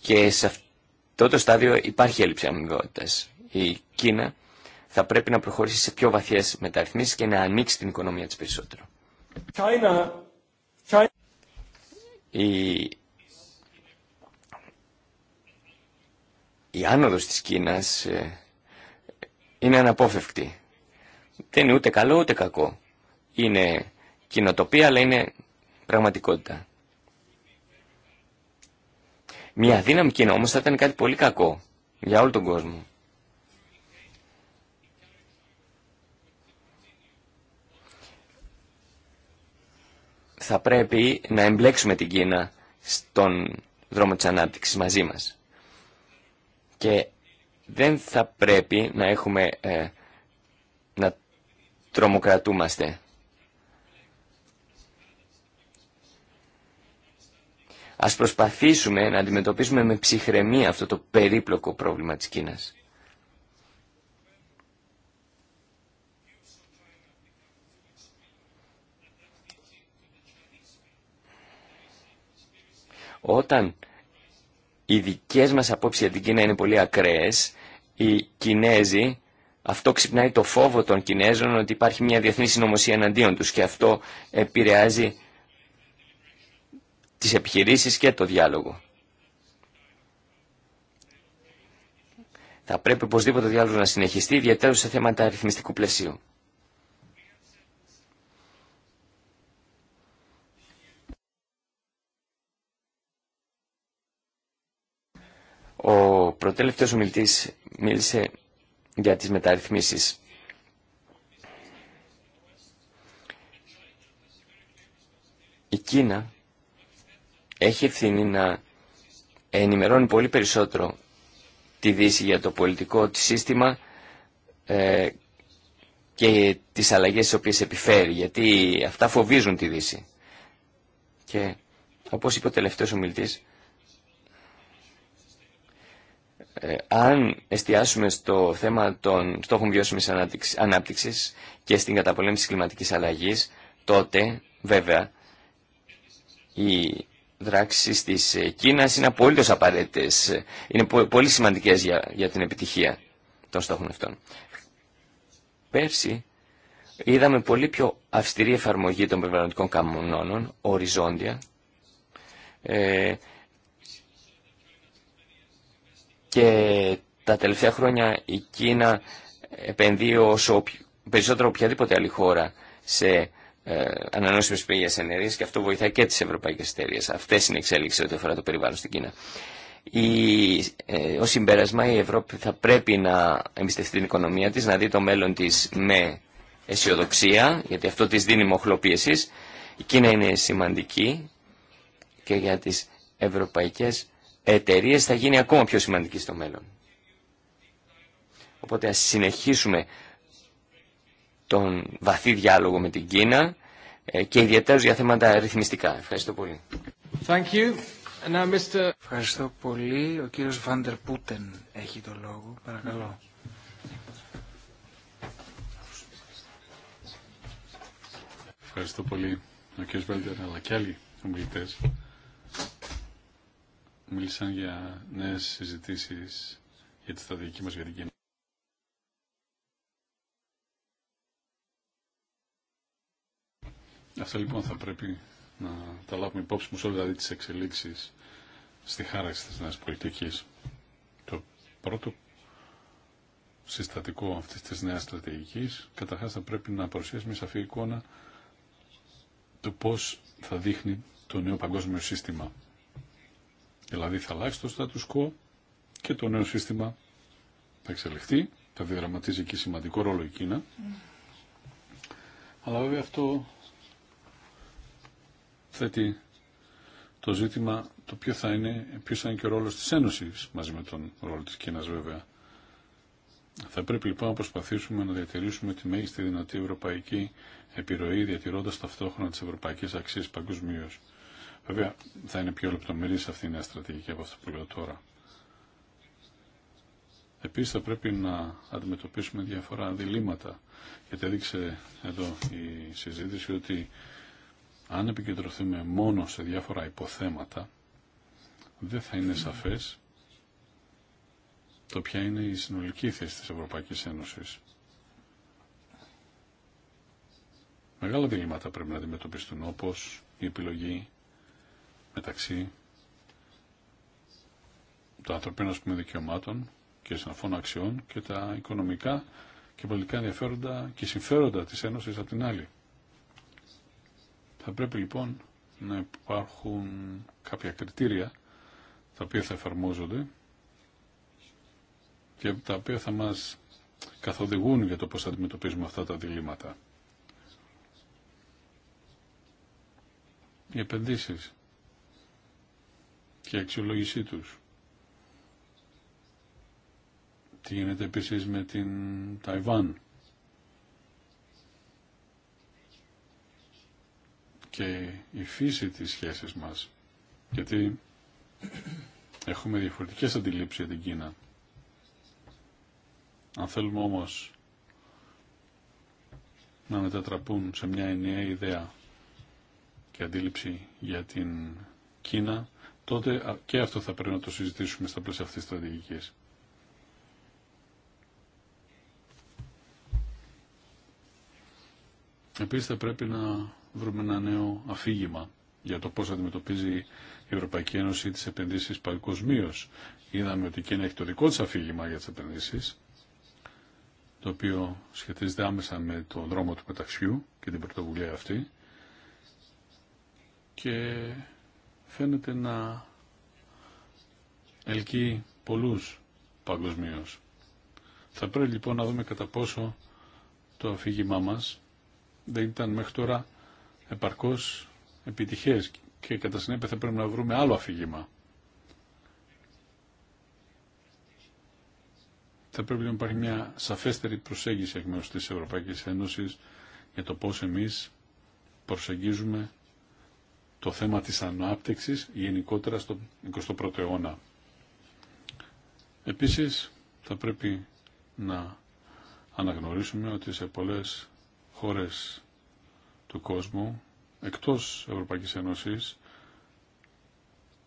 Και σε αυτό το στάδιο υπάρχει έλλειψη αμοιβαιότητα. Η Κίνα θα πρέπει να προχωρήσει σε πιο βαθίε μεταρρυθμίσει και να ανοίξει την οικονομία τη περισσότερο. Η... η άνοδος της Κίνας ε, είναι αναπόφευκτη. Δεν είναι ούτε καλό ούτε κακό. Είναι κοινοτοπία αλλά είναι πραγματικότητα. Μια δύναμη Κίνα όμως θα ήταν κάτι πολύ κακό για όλο τον κόσμο. Θα πρέπει να εμπλέξουμε την Κίνα στον δρόμο της ανάπτυξης μαζί μας. Και δεν θα πρέπει να έχουμε... Ε, να τρομοκρατούμαστε. Ας προσπαθήσουμε να αντιμετωπίσουμε με ψυχραιμία αυτό το περίπλοκο πρόβλημα της Κίνας. Όταν οι δικές μας απόψεις για την Κίνα είναι πολύ ακραίες, οι Κινέζοι, αυτό ξυπνάει το φόβο των Κινέζων ότι υπάρχει μια διεθνή συνωμοσία εναντίον τους και αυτό επηρεάζει τις επιχειρήσεις και το διάλογο. Θα πρέπει οπωσδήποτε ο διάλογος να συνεχιστεί, ιδιαίτερα σε θέματα αριθμιστικού πλαισίου. Ο προτελευταίος ομιλητής μίλησε για τις μεταρρυθμίσεις. Η Κίνα έχει ευθύνη να ενημερώνει πολύ περισσότερο τη Δύση για το πολιτικό τη σύστημα ε, και τις αλλαγές τις οποίες επιφέρει, γιατί αυτά φοβίζουν τη Δύση. Και όπως είπε ο τελευταίος ομιλητής, ε, αν εστιάσουμε στο θέμα των στόχων βιώσιμης ανάπτυξης και στην καταπολέμηση της κλιματικής αλλαγής, τότε βέβαια η δράξει της ε, Κίνας είναι απολύτως απαραίτητε, Είναι πολύ σημαντικές για, για την επιτυχία των στόχων αυτών. Πέρσι είδαμε πολύ πιο αυστηρή εφαρμογή των περιβαλλοντικών καμονών, οριζόντια, ε, και τα τελευταία χρόνια η Κίνα επενδύει όσο περισσότερο οποιαδήποτε άλλη χώρα σε ε, ανανόσιμες πηγές ενέργειας και αυτό βοηθάει και τις ευρωπαϊκές εταιρείε. Αυτές είναι οι εξέλιξες ό,τι αφορά το περιβάλλον στην Κίνα. Η, ε, συμπέρασμα η Ευρώπη θα πρέπει να εμπιστευτεί την οικονομία της, να δει το μέλλον της με αισιοδοξία, γιατί αυτό της δίνει μοχλοπίεσης. Η Κίνα είναι σημαντική και για τις ευρωπαϊκές εταιρείε θα γίνει ακόμα πιο σημαντική στο μέλλον. Οπότε ας συνεχίσουμε τον βαθύ διάλογο με την Κίνα ε, και ιδιαίτερα για θέματα ρυθμιστικά. Ευχαριστώ πολύ. Thank you. now, Mr. Ευχαριστώ πολύ. Ο κύριος Βάντερ Πούτεν έχει το λόγο. Παρακαλώ. Ευχαριστώ πολύ. Ο κύριος Βάντερ αλλά και άλλοι ομιλητές μίλησαν για νέες συζητήσεις για τη στρατηγική μας για την Κίνα. Αυτά λοιπόν θα πρέπει να τα λάβουμε υπόψη μου σε δηλαδή τις εξελίξεις στη χάραξη τη νέα πολιτική. Το πρώτο συστατικό αυτή της νέα στρατηγική. Καταρχά θα πρέπει να παρουσιάσει μια σαφή εικόνα του πώ θα δείχνει το νέο παγκόσμιο σύστημα. Δηλαδή θα αλλάξει το status quo και το νέο σύστημα θα εξελιχθεί, θα διδραματίζει και σημαντικό ρόλο η Κίνα. Mm. Αλλά βέβαια αυτό θέτει το ζήτημα το ποιο θα είναι, ποιος θα είναι και ο ρόλος της Ένωσης μαζί με τον ρόλο της Κίνας βέβαια. Θα πρέπει λοιπόν να προσπαθήσουμε να διατηρήσουμε τη μέγιστη δυνατή ευρωπαϊκή επιρροή διατηρώντας ταυτόχρονα τις ευρωπαϊκές αξίες παγκοσμίω. Βέβαια θα είναι πιο λεπτομερής αυτή η νέα στρατηγική από αυτό που λέω τώρα. Επίσης θα πρέπει να αντιμετωπίσουμε διαφορά διλήμματα γιατί έδειξε εδώ η συζήτηση ότι αν επικεντρωθούμε μόνο σε διάφορα υποθέματα, δεν θα είναι σαφές το ποια είναι η συνολική θέση της Ευρωπαϊκής Ένωσης. Μεγάλα διλήμματα πρέπει να αντιμετωπιστούν, όπως η επιλογή μεταξύ των ανθρωπίνων πούμε, δικαιωμάτων και συναφών αξιών και τα οικονομικά και πολιτικά ενδιαφέροντα και συμφέροντα της Ένωσης από την άλλη. Θα πρέπει λοιπόν να υπάρχουν κάποια κριτήρια τα οποία θα εφαρμόζονται και τα οποία θα μας καθοδηγούν για το πώς θα αντιμετωπίζουμε αυτά τα διλήμματα. Οι επενδύσεις και η αξιολόγησή τους. Τι γίνεται επίσης με την Ταϊβάν. και η φύση της σχέσης μας. Γιατί έχουμε διαφορετικές αντιλήψεις για την Κίνα. Αν θέλουμε όμως να μετατραπούν σε μια ενιαία ιδέα και αντίληψη για την Κίνα, τότε και αυτό θα πρέπει να το συζητήσουμε στα πλαίσια αυτής της στρατηγικής. Επίσης θα πρέπει να βρούμε ένα νέο αφήγημα για το πώς αντιμετωπίζει η Ευρωπαϊκή Ένωση τις επενδύσεις παγκοσμίω. Είδαμε ότι και να έχει το δικό της αφήγημα για τις επενδύσεις, το οποίο σχετίζεται άμεσα με τον δρόμο του μεταξιού και την πρωτοβουλία αυτή και φαίνεται να ελκύει πολλούς παγκοσμίω. Θα πρέπει λοιπόν να δούμε κατά πόσο το αφήγημά μας δεν ήταν μέχρι τώρα επαρκώς επιτυχές και κατά συνέπεια θα πρέπει να βρούμε άλλο αφήγημα. Θα πρέπει να υπάρχει μια σαφέστερη προσέγγιση εκ μέρους της Ευρωπαϊκής Ένωσης για το πώς εμείς προσεγγίζουμε το θέμα της ανάπτυξης γενικότερα στο 21ο αιώνα. Επίσης θα πρέπει να αναγνωρίσουμε ότι σε πολλές χώρες του κόσμου εκτός Ευρωπαϊκής Ένωσης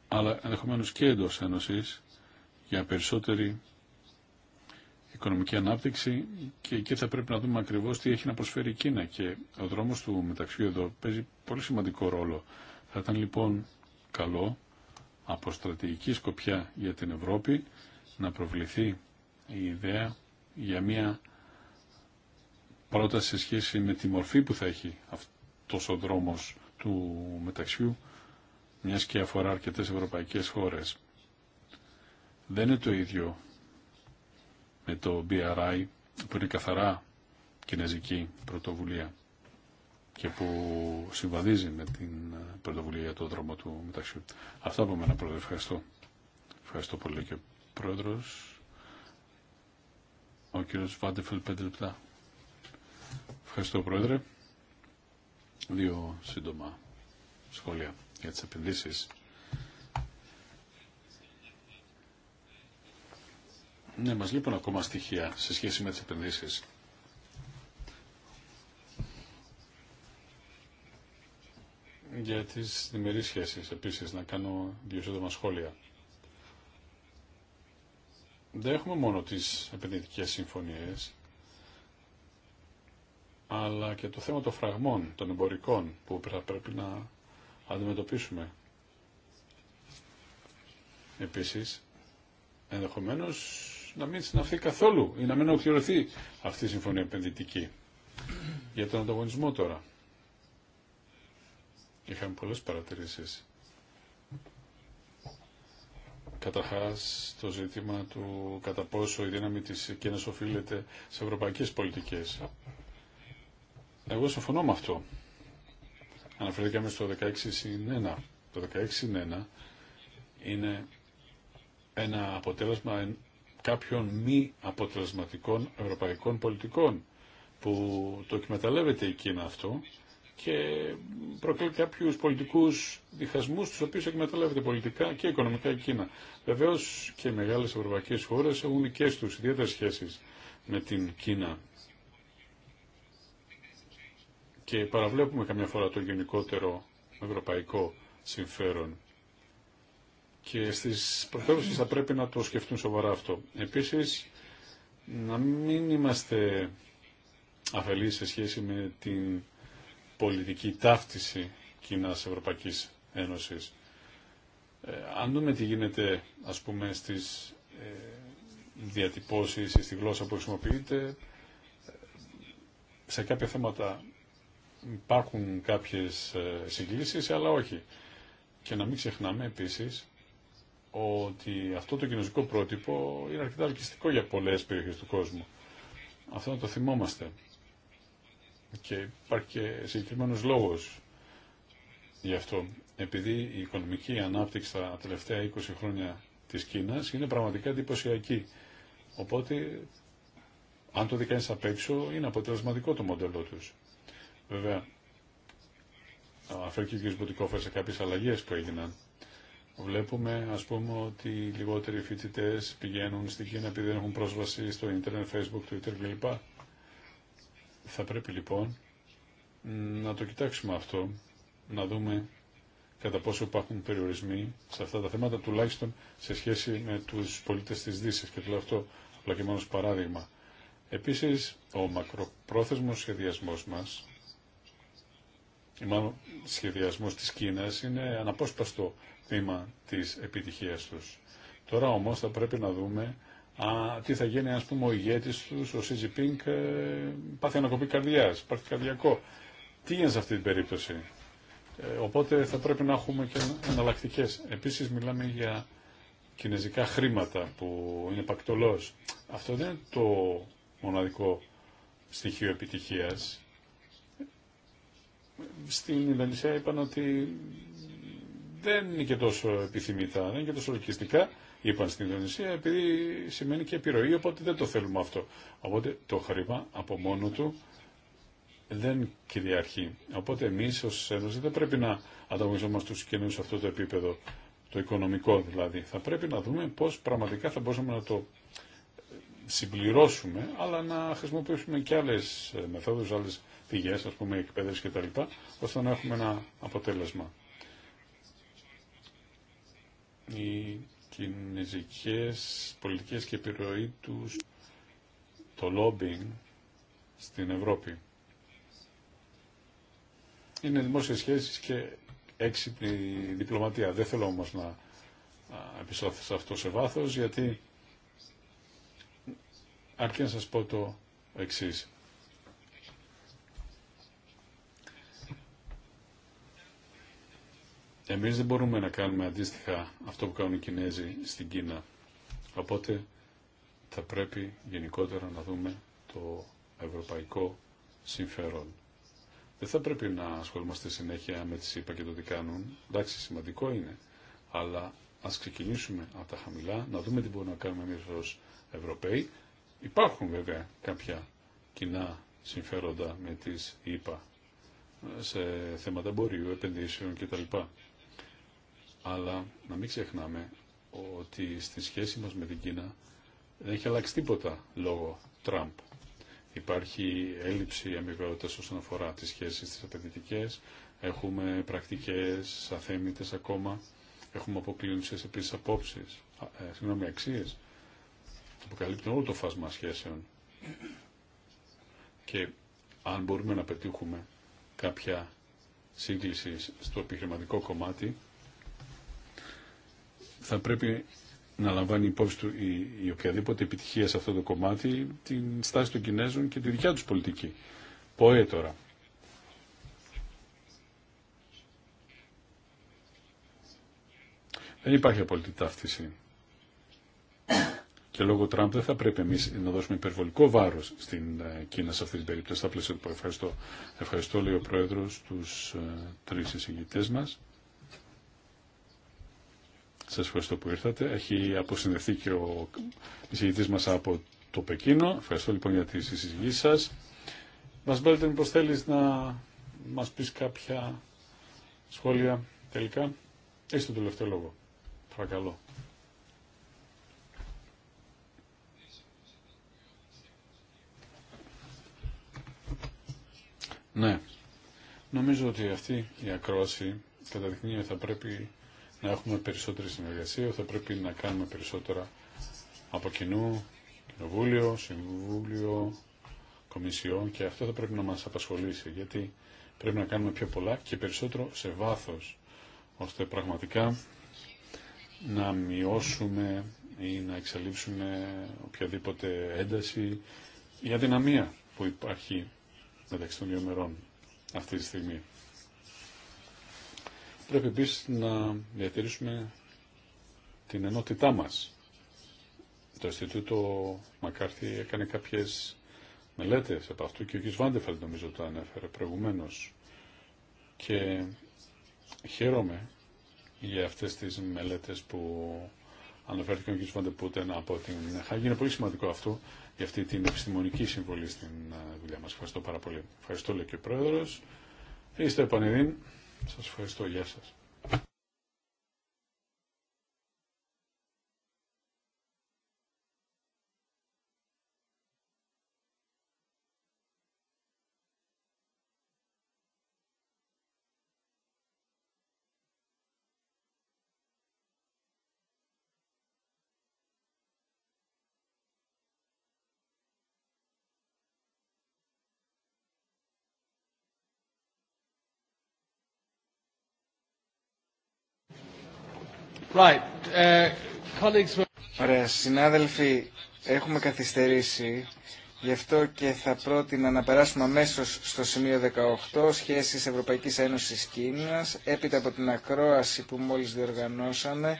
αλλά ενδεχομένω και εντός Ένωσης για περισσότερη οικονομική ανάπτυξη και εκεί θα πρέπει να δούμε ακριβώς τι έχει να προσφέρει η Κίνα και ο δρόμος του μεταξύ εδώ παίζει πολύ σημαντικό ρόλο. Θα ήταν λοιπόν καλό από στρατηγική σκοπιά για την Ευρώπη να προβληθεί η ιδέα για μια πρώτα σε σχέση με τη μορφή που θα έχει αυτός ο δρόμος του μεταξιού, μιας και αφορά αρκετές ευρωπαϊκές χώρες. Δεν είναι το ίδιο με το BRI που είναι καθαρά κινέζικη πρωτοβουλία και που συμβαδίζει με την πρωτοβουλία για το δρόμο του μεταξύ. Αυτά από μένα πρόεδρε. Ευχαριστώ. Ευχαριστώ πολύ και πρόεδρος. Ο κύριος Βάντεφελ πέντε λεπτά. Ευχαριστώ Πρόεδρε. Δύο σύντομα σχόλια για τις επενδύσεις. Ναι, μας λείπουν ακόμα στοιχεία σε σχέση με τις επενδύσεις. Για τις διμερείς σχέσεις, επίσης, να κάνω δύο σύντομα σχόλια. Δεν έχουμε μόνο τις επενδυτικές συμφωνίες, αλλά και το θέμα των φραγμών, των εμπορικών που πρέπει να αντιμετωπίσουμε. Επίσης, ενδεχομένως να μην συναφθεί καθόλου ή να μην ολοκληρωθεί αυτή η συμφωνία επενδυτική. Για τον ανταγωνισμό τώρα. Είχαμε πολλές παρατηρήσεις. Καταρχά το ζήτημα του κατά πόσο η δύναμη της Κίνας οφείλεται σε ευρωπαϊκές πολιτικές. Εγώ συμφωνώ με αυτό. Αναφερθήκαμε στο 16 1. Το 16 1 είναι ένα αποτέλεσμα κάποιων μη αποτελεσματικών ευρωπαϊκών πολιτικών που το εκμεταλλεύεται η Κίνα αυτό και προκλεί κάποιους πολιτικούς διχασμούς τους οποίους εκμεταλλεύεται πολιτικά και οικονομικά η Κίνα. Βεβαίως και οι μεγάλες ευρωπαϊκές χώρες έχουν και στους ιδιαίτερες σχέσεις με την Κίνα και παραβλέπουμε καμιά φορά το γενικότερο ευρωπαϊκό συμφέρον. Και στις πρωτεύουσες θα πρέπει να το σκεφτούν σοβαρά αυτό. Επίσης, να μην είμαστε αφελείς σε σχέση με την πολιτική ταύτιση Κίνας Ευρωπαϊκής Ένωσης. Ε, αν δούμε τι γίνεται, ας πούμε, στις ε, διατυπώσεις ή στη γλώσσα που χρησιμοποιείται, ε, σε κάποια θέματα υπάρχουν κάποιες ε, συγκλήσεις, αλλά όχι. Και να μην ξεχνάμε επίσης ότι αυτό το κοινωνικό πρότυπο είναι αρκετά ελκυστικό για πολλές περιοχές του κόσμου. Αυτό να το θυμόμαστε. Και υπάρχει και συγκεκριμένο λόγος γι' αυτό. Επειδή η οικονομική ανάπτυξη τα τελευταία 20 χρόνια της Κίνας είναι πραγματικά εντυπωσιακή. Οπότε, αν το δει κανείς απ' έξω, είναι αποτελεσματικό το μοντέλο τους. Βέβαια, αφού και ο κ. σε κάποιες αλλαγές που έγιναν. Βλέπουμε, ας πούμε, ότι λιγότεροι φοιτητέ πηγαίνουν στην Κίνα επειδή δεν έχουν πρόσβαση στο ίντερνετ, facebook, twitter κλπ. Θα πρέπει λοιπόν να το κοιτάξουμε αυτό, να δούμε κατά πόσο υπάρχουν περιορισμοί σε αυτά τα θέματα, τουλάχιστον σε σχέση με τους πολίτες της Δύσης. Και το λέω αυτό απλά και μόνο παράδειγμα. Επίσης, ο μακροπρόθεσμος σχεδιασμός μας ή μάλλον σχεδιασμός της Κίνας είναι αναπόσπαστο τμήμα της επιτυχίας τους. Τώρα όμως θα πρέπει να δούμε α, τι θα γίνει ας πούμε ο ηγέτης τους, ο Σιζι ε, πάθει ανακοπή καρδιάς, πάθει καρδιακό. Τι γίνεται σε αυτή την περίπτωση. Ε, οπότε θα πρέπει να έχουμε και εναλλακτικέ. Επίσης μιλάμε για κινέζικα χρήματα που είναι πακτολός. Αυτό δεν είναι το μοναδικό στοιχείο επιτυχίας στην Ινδονησία είπαν ότι δεν είναι και τόσο επιθυμητά, δεν είναι και τόσο λογιστικά, είπαν στην Ινδονησία, επειδή σημαίνει και επιρροή, οπότε δεν το θέλουμε αυτό. Οπότε το χρήμα από μόνο του δεν κυριαρχεί. Οπότε εμεί ω Ένωση δεν πρέπει να ανταγωνιζόμαστε του κοινού σε αυτό το επίπεδο, το οικονομικό δηλαδή. Θα πρέπει να δούμε πώ πραγματικά θα μπορούσαμε να το συμπληρώσουμε, αλλά να χρησιμοποιήσουμε και άλλες ε, μεθόδους, άλλες πηγέ, α πούμε εκπαίδευση κτλ, ώστε να έχουμε ένα αποτέλεσμα. Οι κινέζικε πολιτικές και επιρροή του το lobbying στην Ευρώπη. Είναι δημόσιες σχέσεις και έξυπνη διπλωματία. Δεν θέλω όμως να επιστρέφω σε αυτό σε βάθος, γιατί αρκεί να σας πω το εξής. Εμείς δεν μπορούμε να κάνουμε αντίστοιχα αυτό που κάνουν οι Κινέζοι στην Κίνα. Οπότε θα πρέπει γενικότερα να δούμε το ευρωπαϊκό συμφέρον. Δεν θα πρέπει να ασχολούμαστε συνέχεια με τις είπα και το τι κάνουν. Εντάξει, σημαντικό είναι. Αλλά ας ξεκινήσουμε από τα χαμηλά, να δούμε τι μπορούμε να κάνουμε εμείς ως Ευρωπαίοι Υπάρχουν βέβαια κάποια κοινά συμφέροντα με τις ΙΠΑ σε θέματα εμπορίου, επενδύσεων κτλ. Αλλά να μην ξεχνάμε ότι στη σχέση μας με την Κίνα δεν έχει αλλάξει τίποτα λόγω Τραμπ. Υπάρχει έλλειψη αμοιβαιότητας όσον αφορά τις σχέσεις τις επενδυτικές, έχουμε πρακτικές αθέμητες ακόμα, έχουμε αποκλίνουσες επίσης απόψεις, ε, συγγνώμη αξίες Αποκαλύπτουν όλο το φάσμα σχέσεων και αν μπορούμε να πετύχουμε κάποια σύγκληση στο επιχειρηματικό κομμάτι θα πρέπει να λαμβάνει υπόψη του η, η οποιαδήποτε επιτυχία σε αυτό το κομμάτι την στάση των Κινέζων και τη δικιά τους πολιτική. ΠΟΕ τώρα. Δεν υπάρχει απόλυτη ταύτιση και λόγω Τραμπ δεν θα πρέπει εμεί να δώσουμε υπερβολικό βάρο στην ε, Κίνα σε αυτή την περίπτωση. Στα πλαίσια του ευχαριστώ. Ευχαριστώ, λέει ο Πρόεδρο, του ε, τρει εισηγητέ μα. Σα ευχαριστώ που ήρθατε. Έχει αποσυνδεθεί και ο εισηγητής μα από το Πεκίνο. Ευχαριστώ λοιπόν για τις εισηγήσεις σα. Μας μπέλετε μήπως θέλει να μα πει κάποια σχόλια τελικά. Έχει τον τελευταίο λόγο. Παρακαλώ. Ναι. Νομίζω ότι αυτή η ακρόαση καταδεικνύει ότι θα πρέπει να έχουμε περισσότερη συνεργασία, θα πρέπει να κάνουμε περισσότερα από κοινού, κοινοβούλιο, συμβούλιο, κομισιόν και αυτό θα πρέπει να μας απασχολήσει γιατί πρέπει να κάνουμε πιο πολλά και περισσότερο σε βάθος ώστε πραγματικά να μειώσουμε ή να εξαλείψουμε οποιαδήποτε ένταση ή αδυναμία που υπάρχει μεταξύ των δύο μερών αυτή τη στιγμή. Πρέπει επίση να διατηρήσουμε την ενότητά μας. Το Ινστιτούτο Μακάρθη έκανε κάποιες μελέτες από αυτού και ο κ. Βάντεφελ νομίζω το ανέφερε προηγουμένως και χαίρομαι για αυτές τις μελέτες που αναφέρθηκε ο κ. Βαντεπούτεν από την Χάγη. Είναι πολύ σημαντικό αυτό για αυτή την επιστημονική συμβολή στην ε, δουλειά μας. Ευχαριστώ πάρα πολύ. Ευχαριστώ λέει και ο Πρόεδρος. Είστε επανειδήν. Σας ευχαριστώ. Γεια σας. Uh, Ωραία, συνάδελφοι, έχουμε καθυστερήσει. Γι' αυτό και θα πρότεινα να περάσουμε αμέσω στο σημείο 18, σχέσει Ευρωπαϊκή Ένωση Κίνα, έπειτα από την ακρόαση που μόλι διοργανώσαμε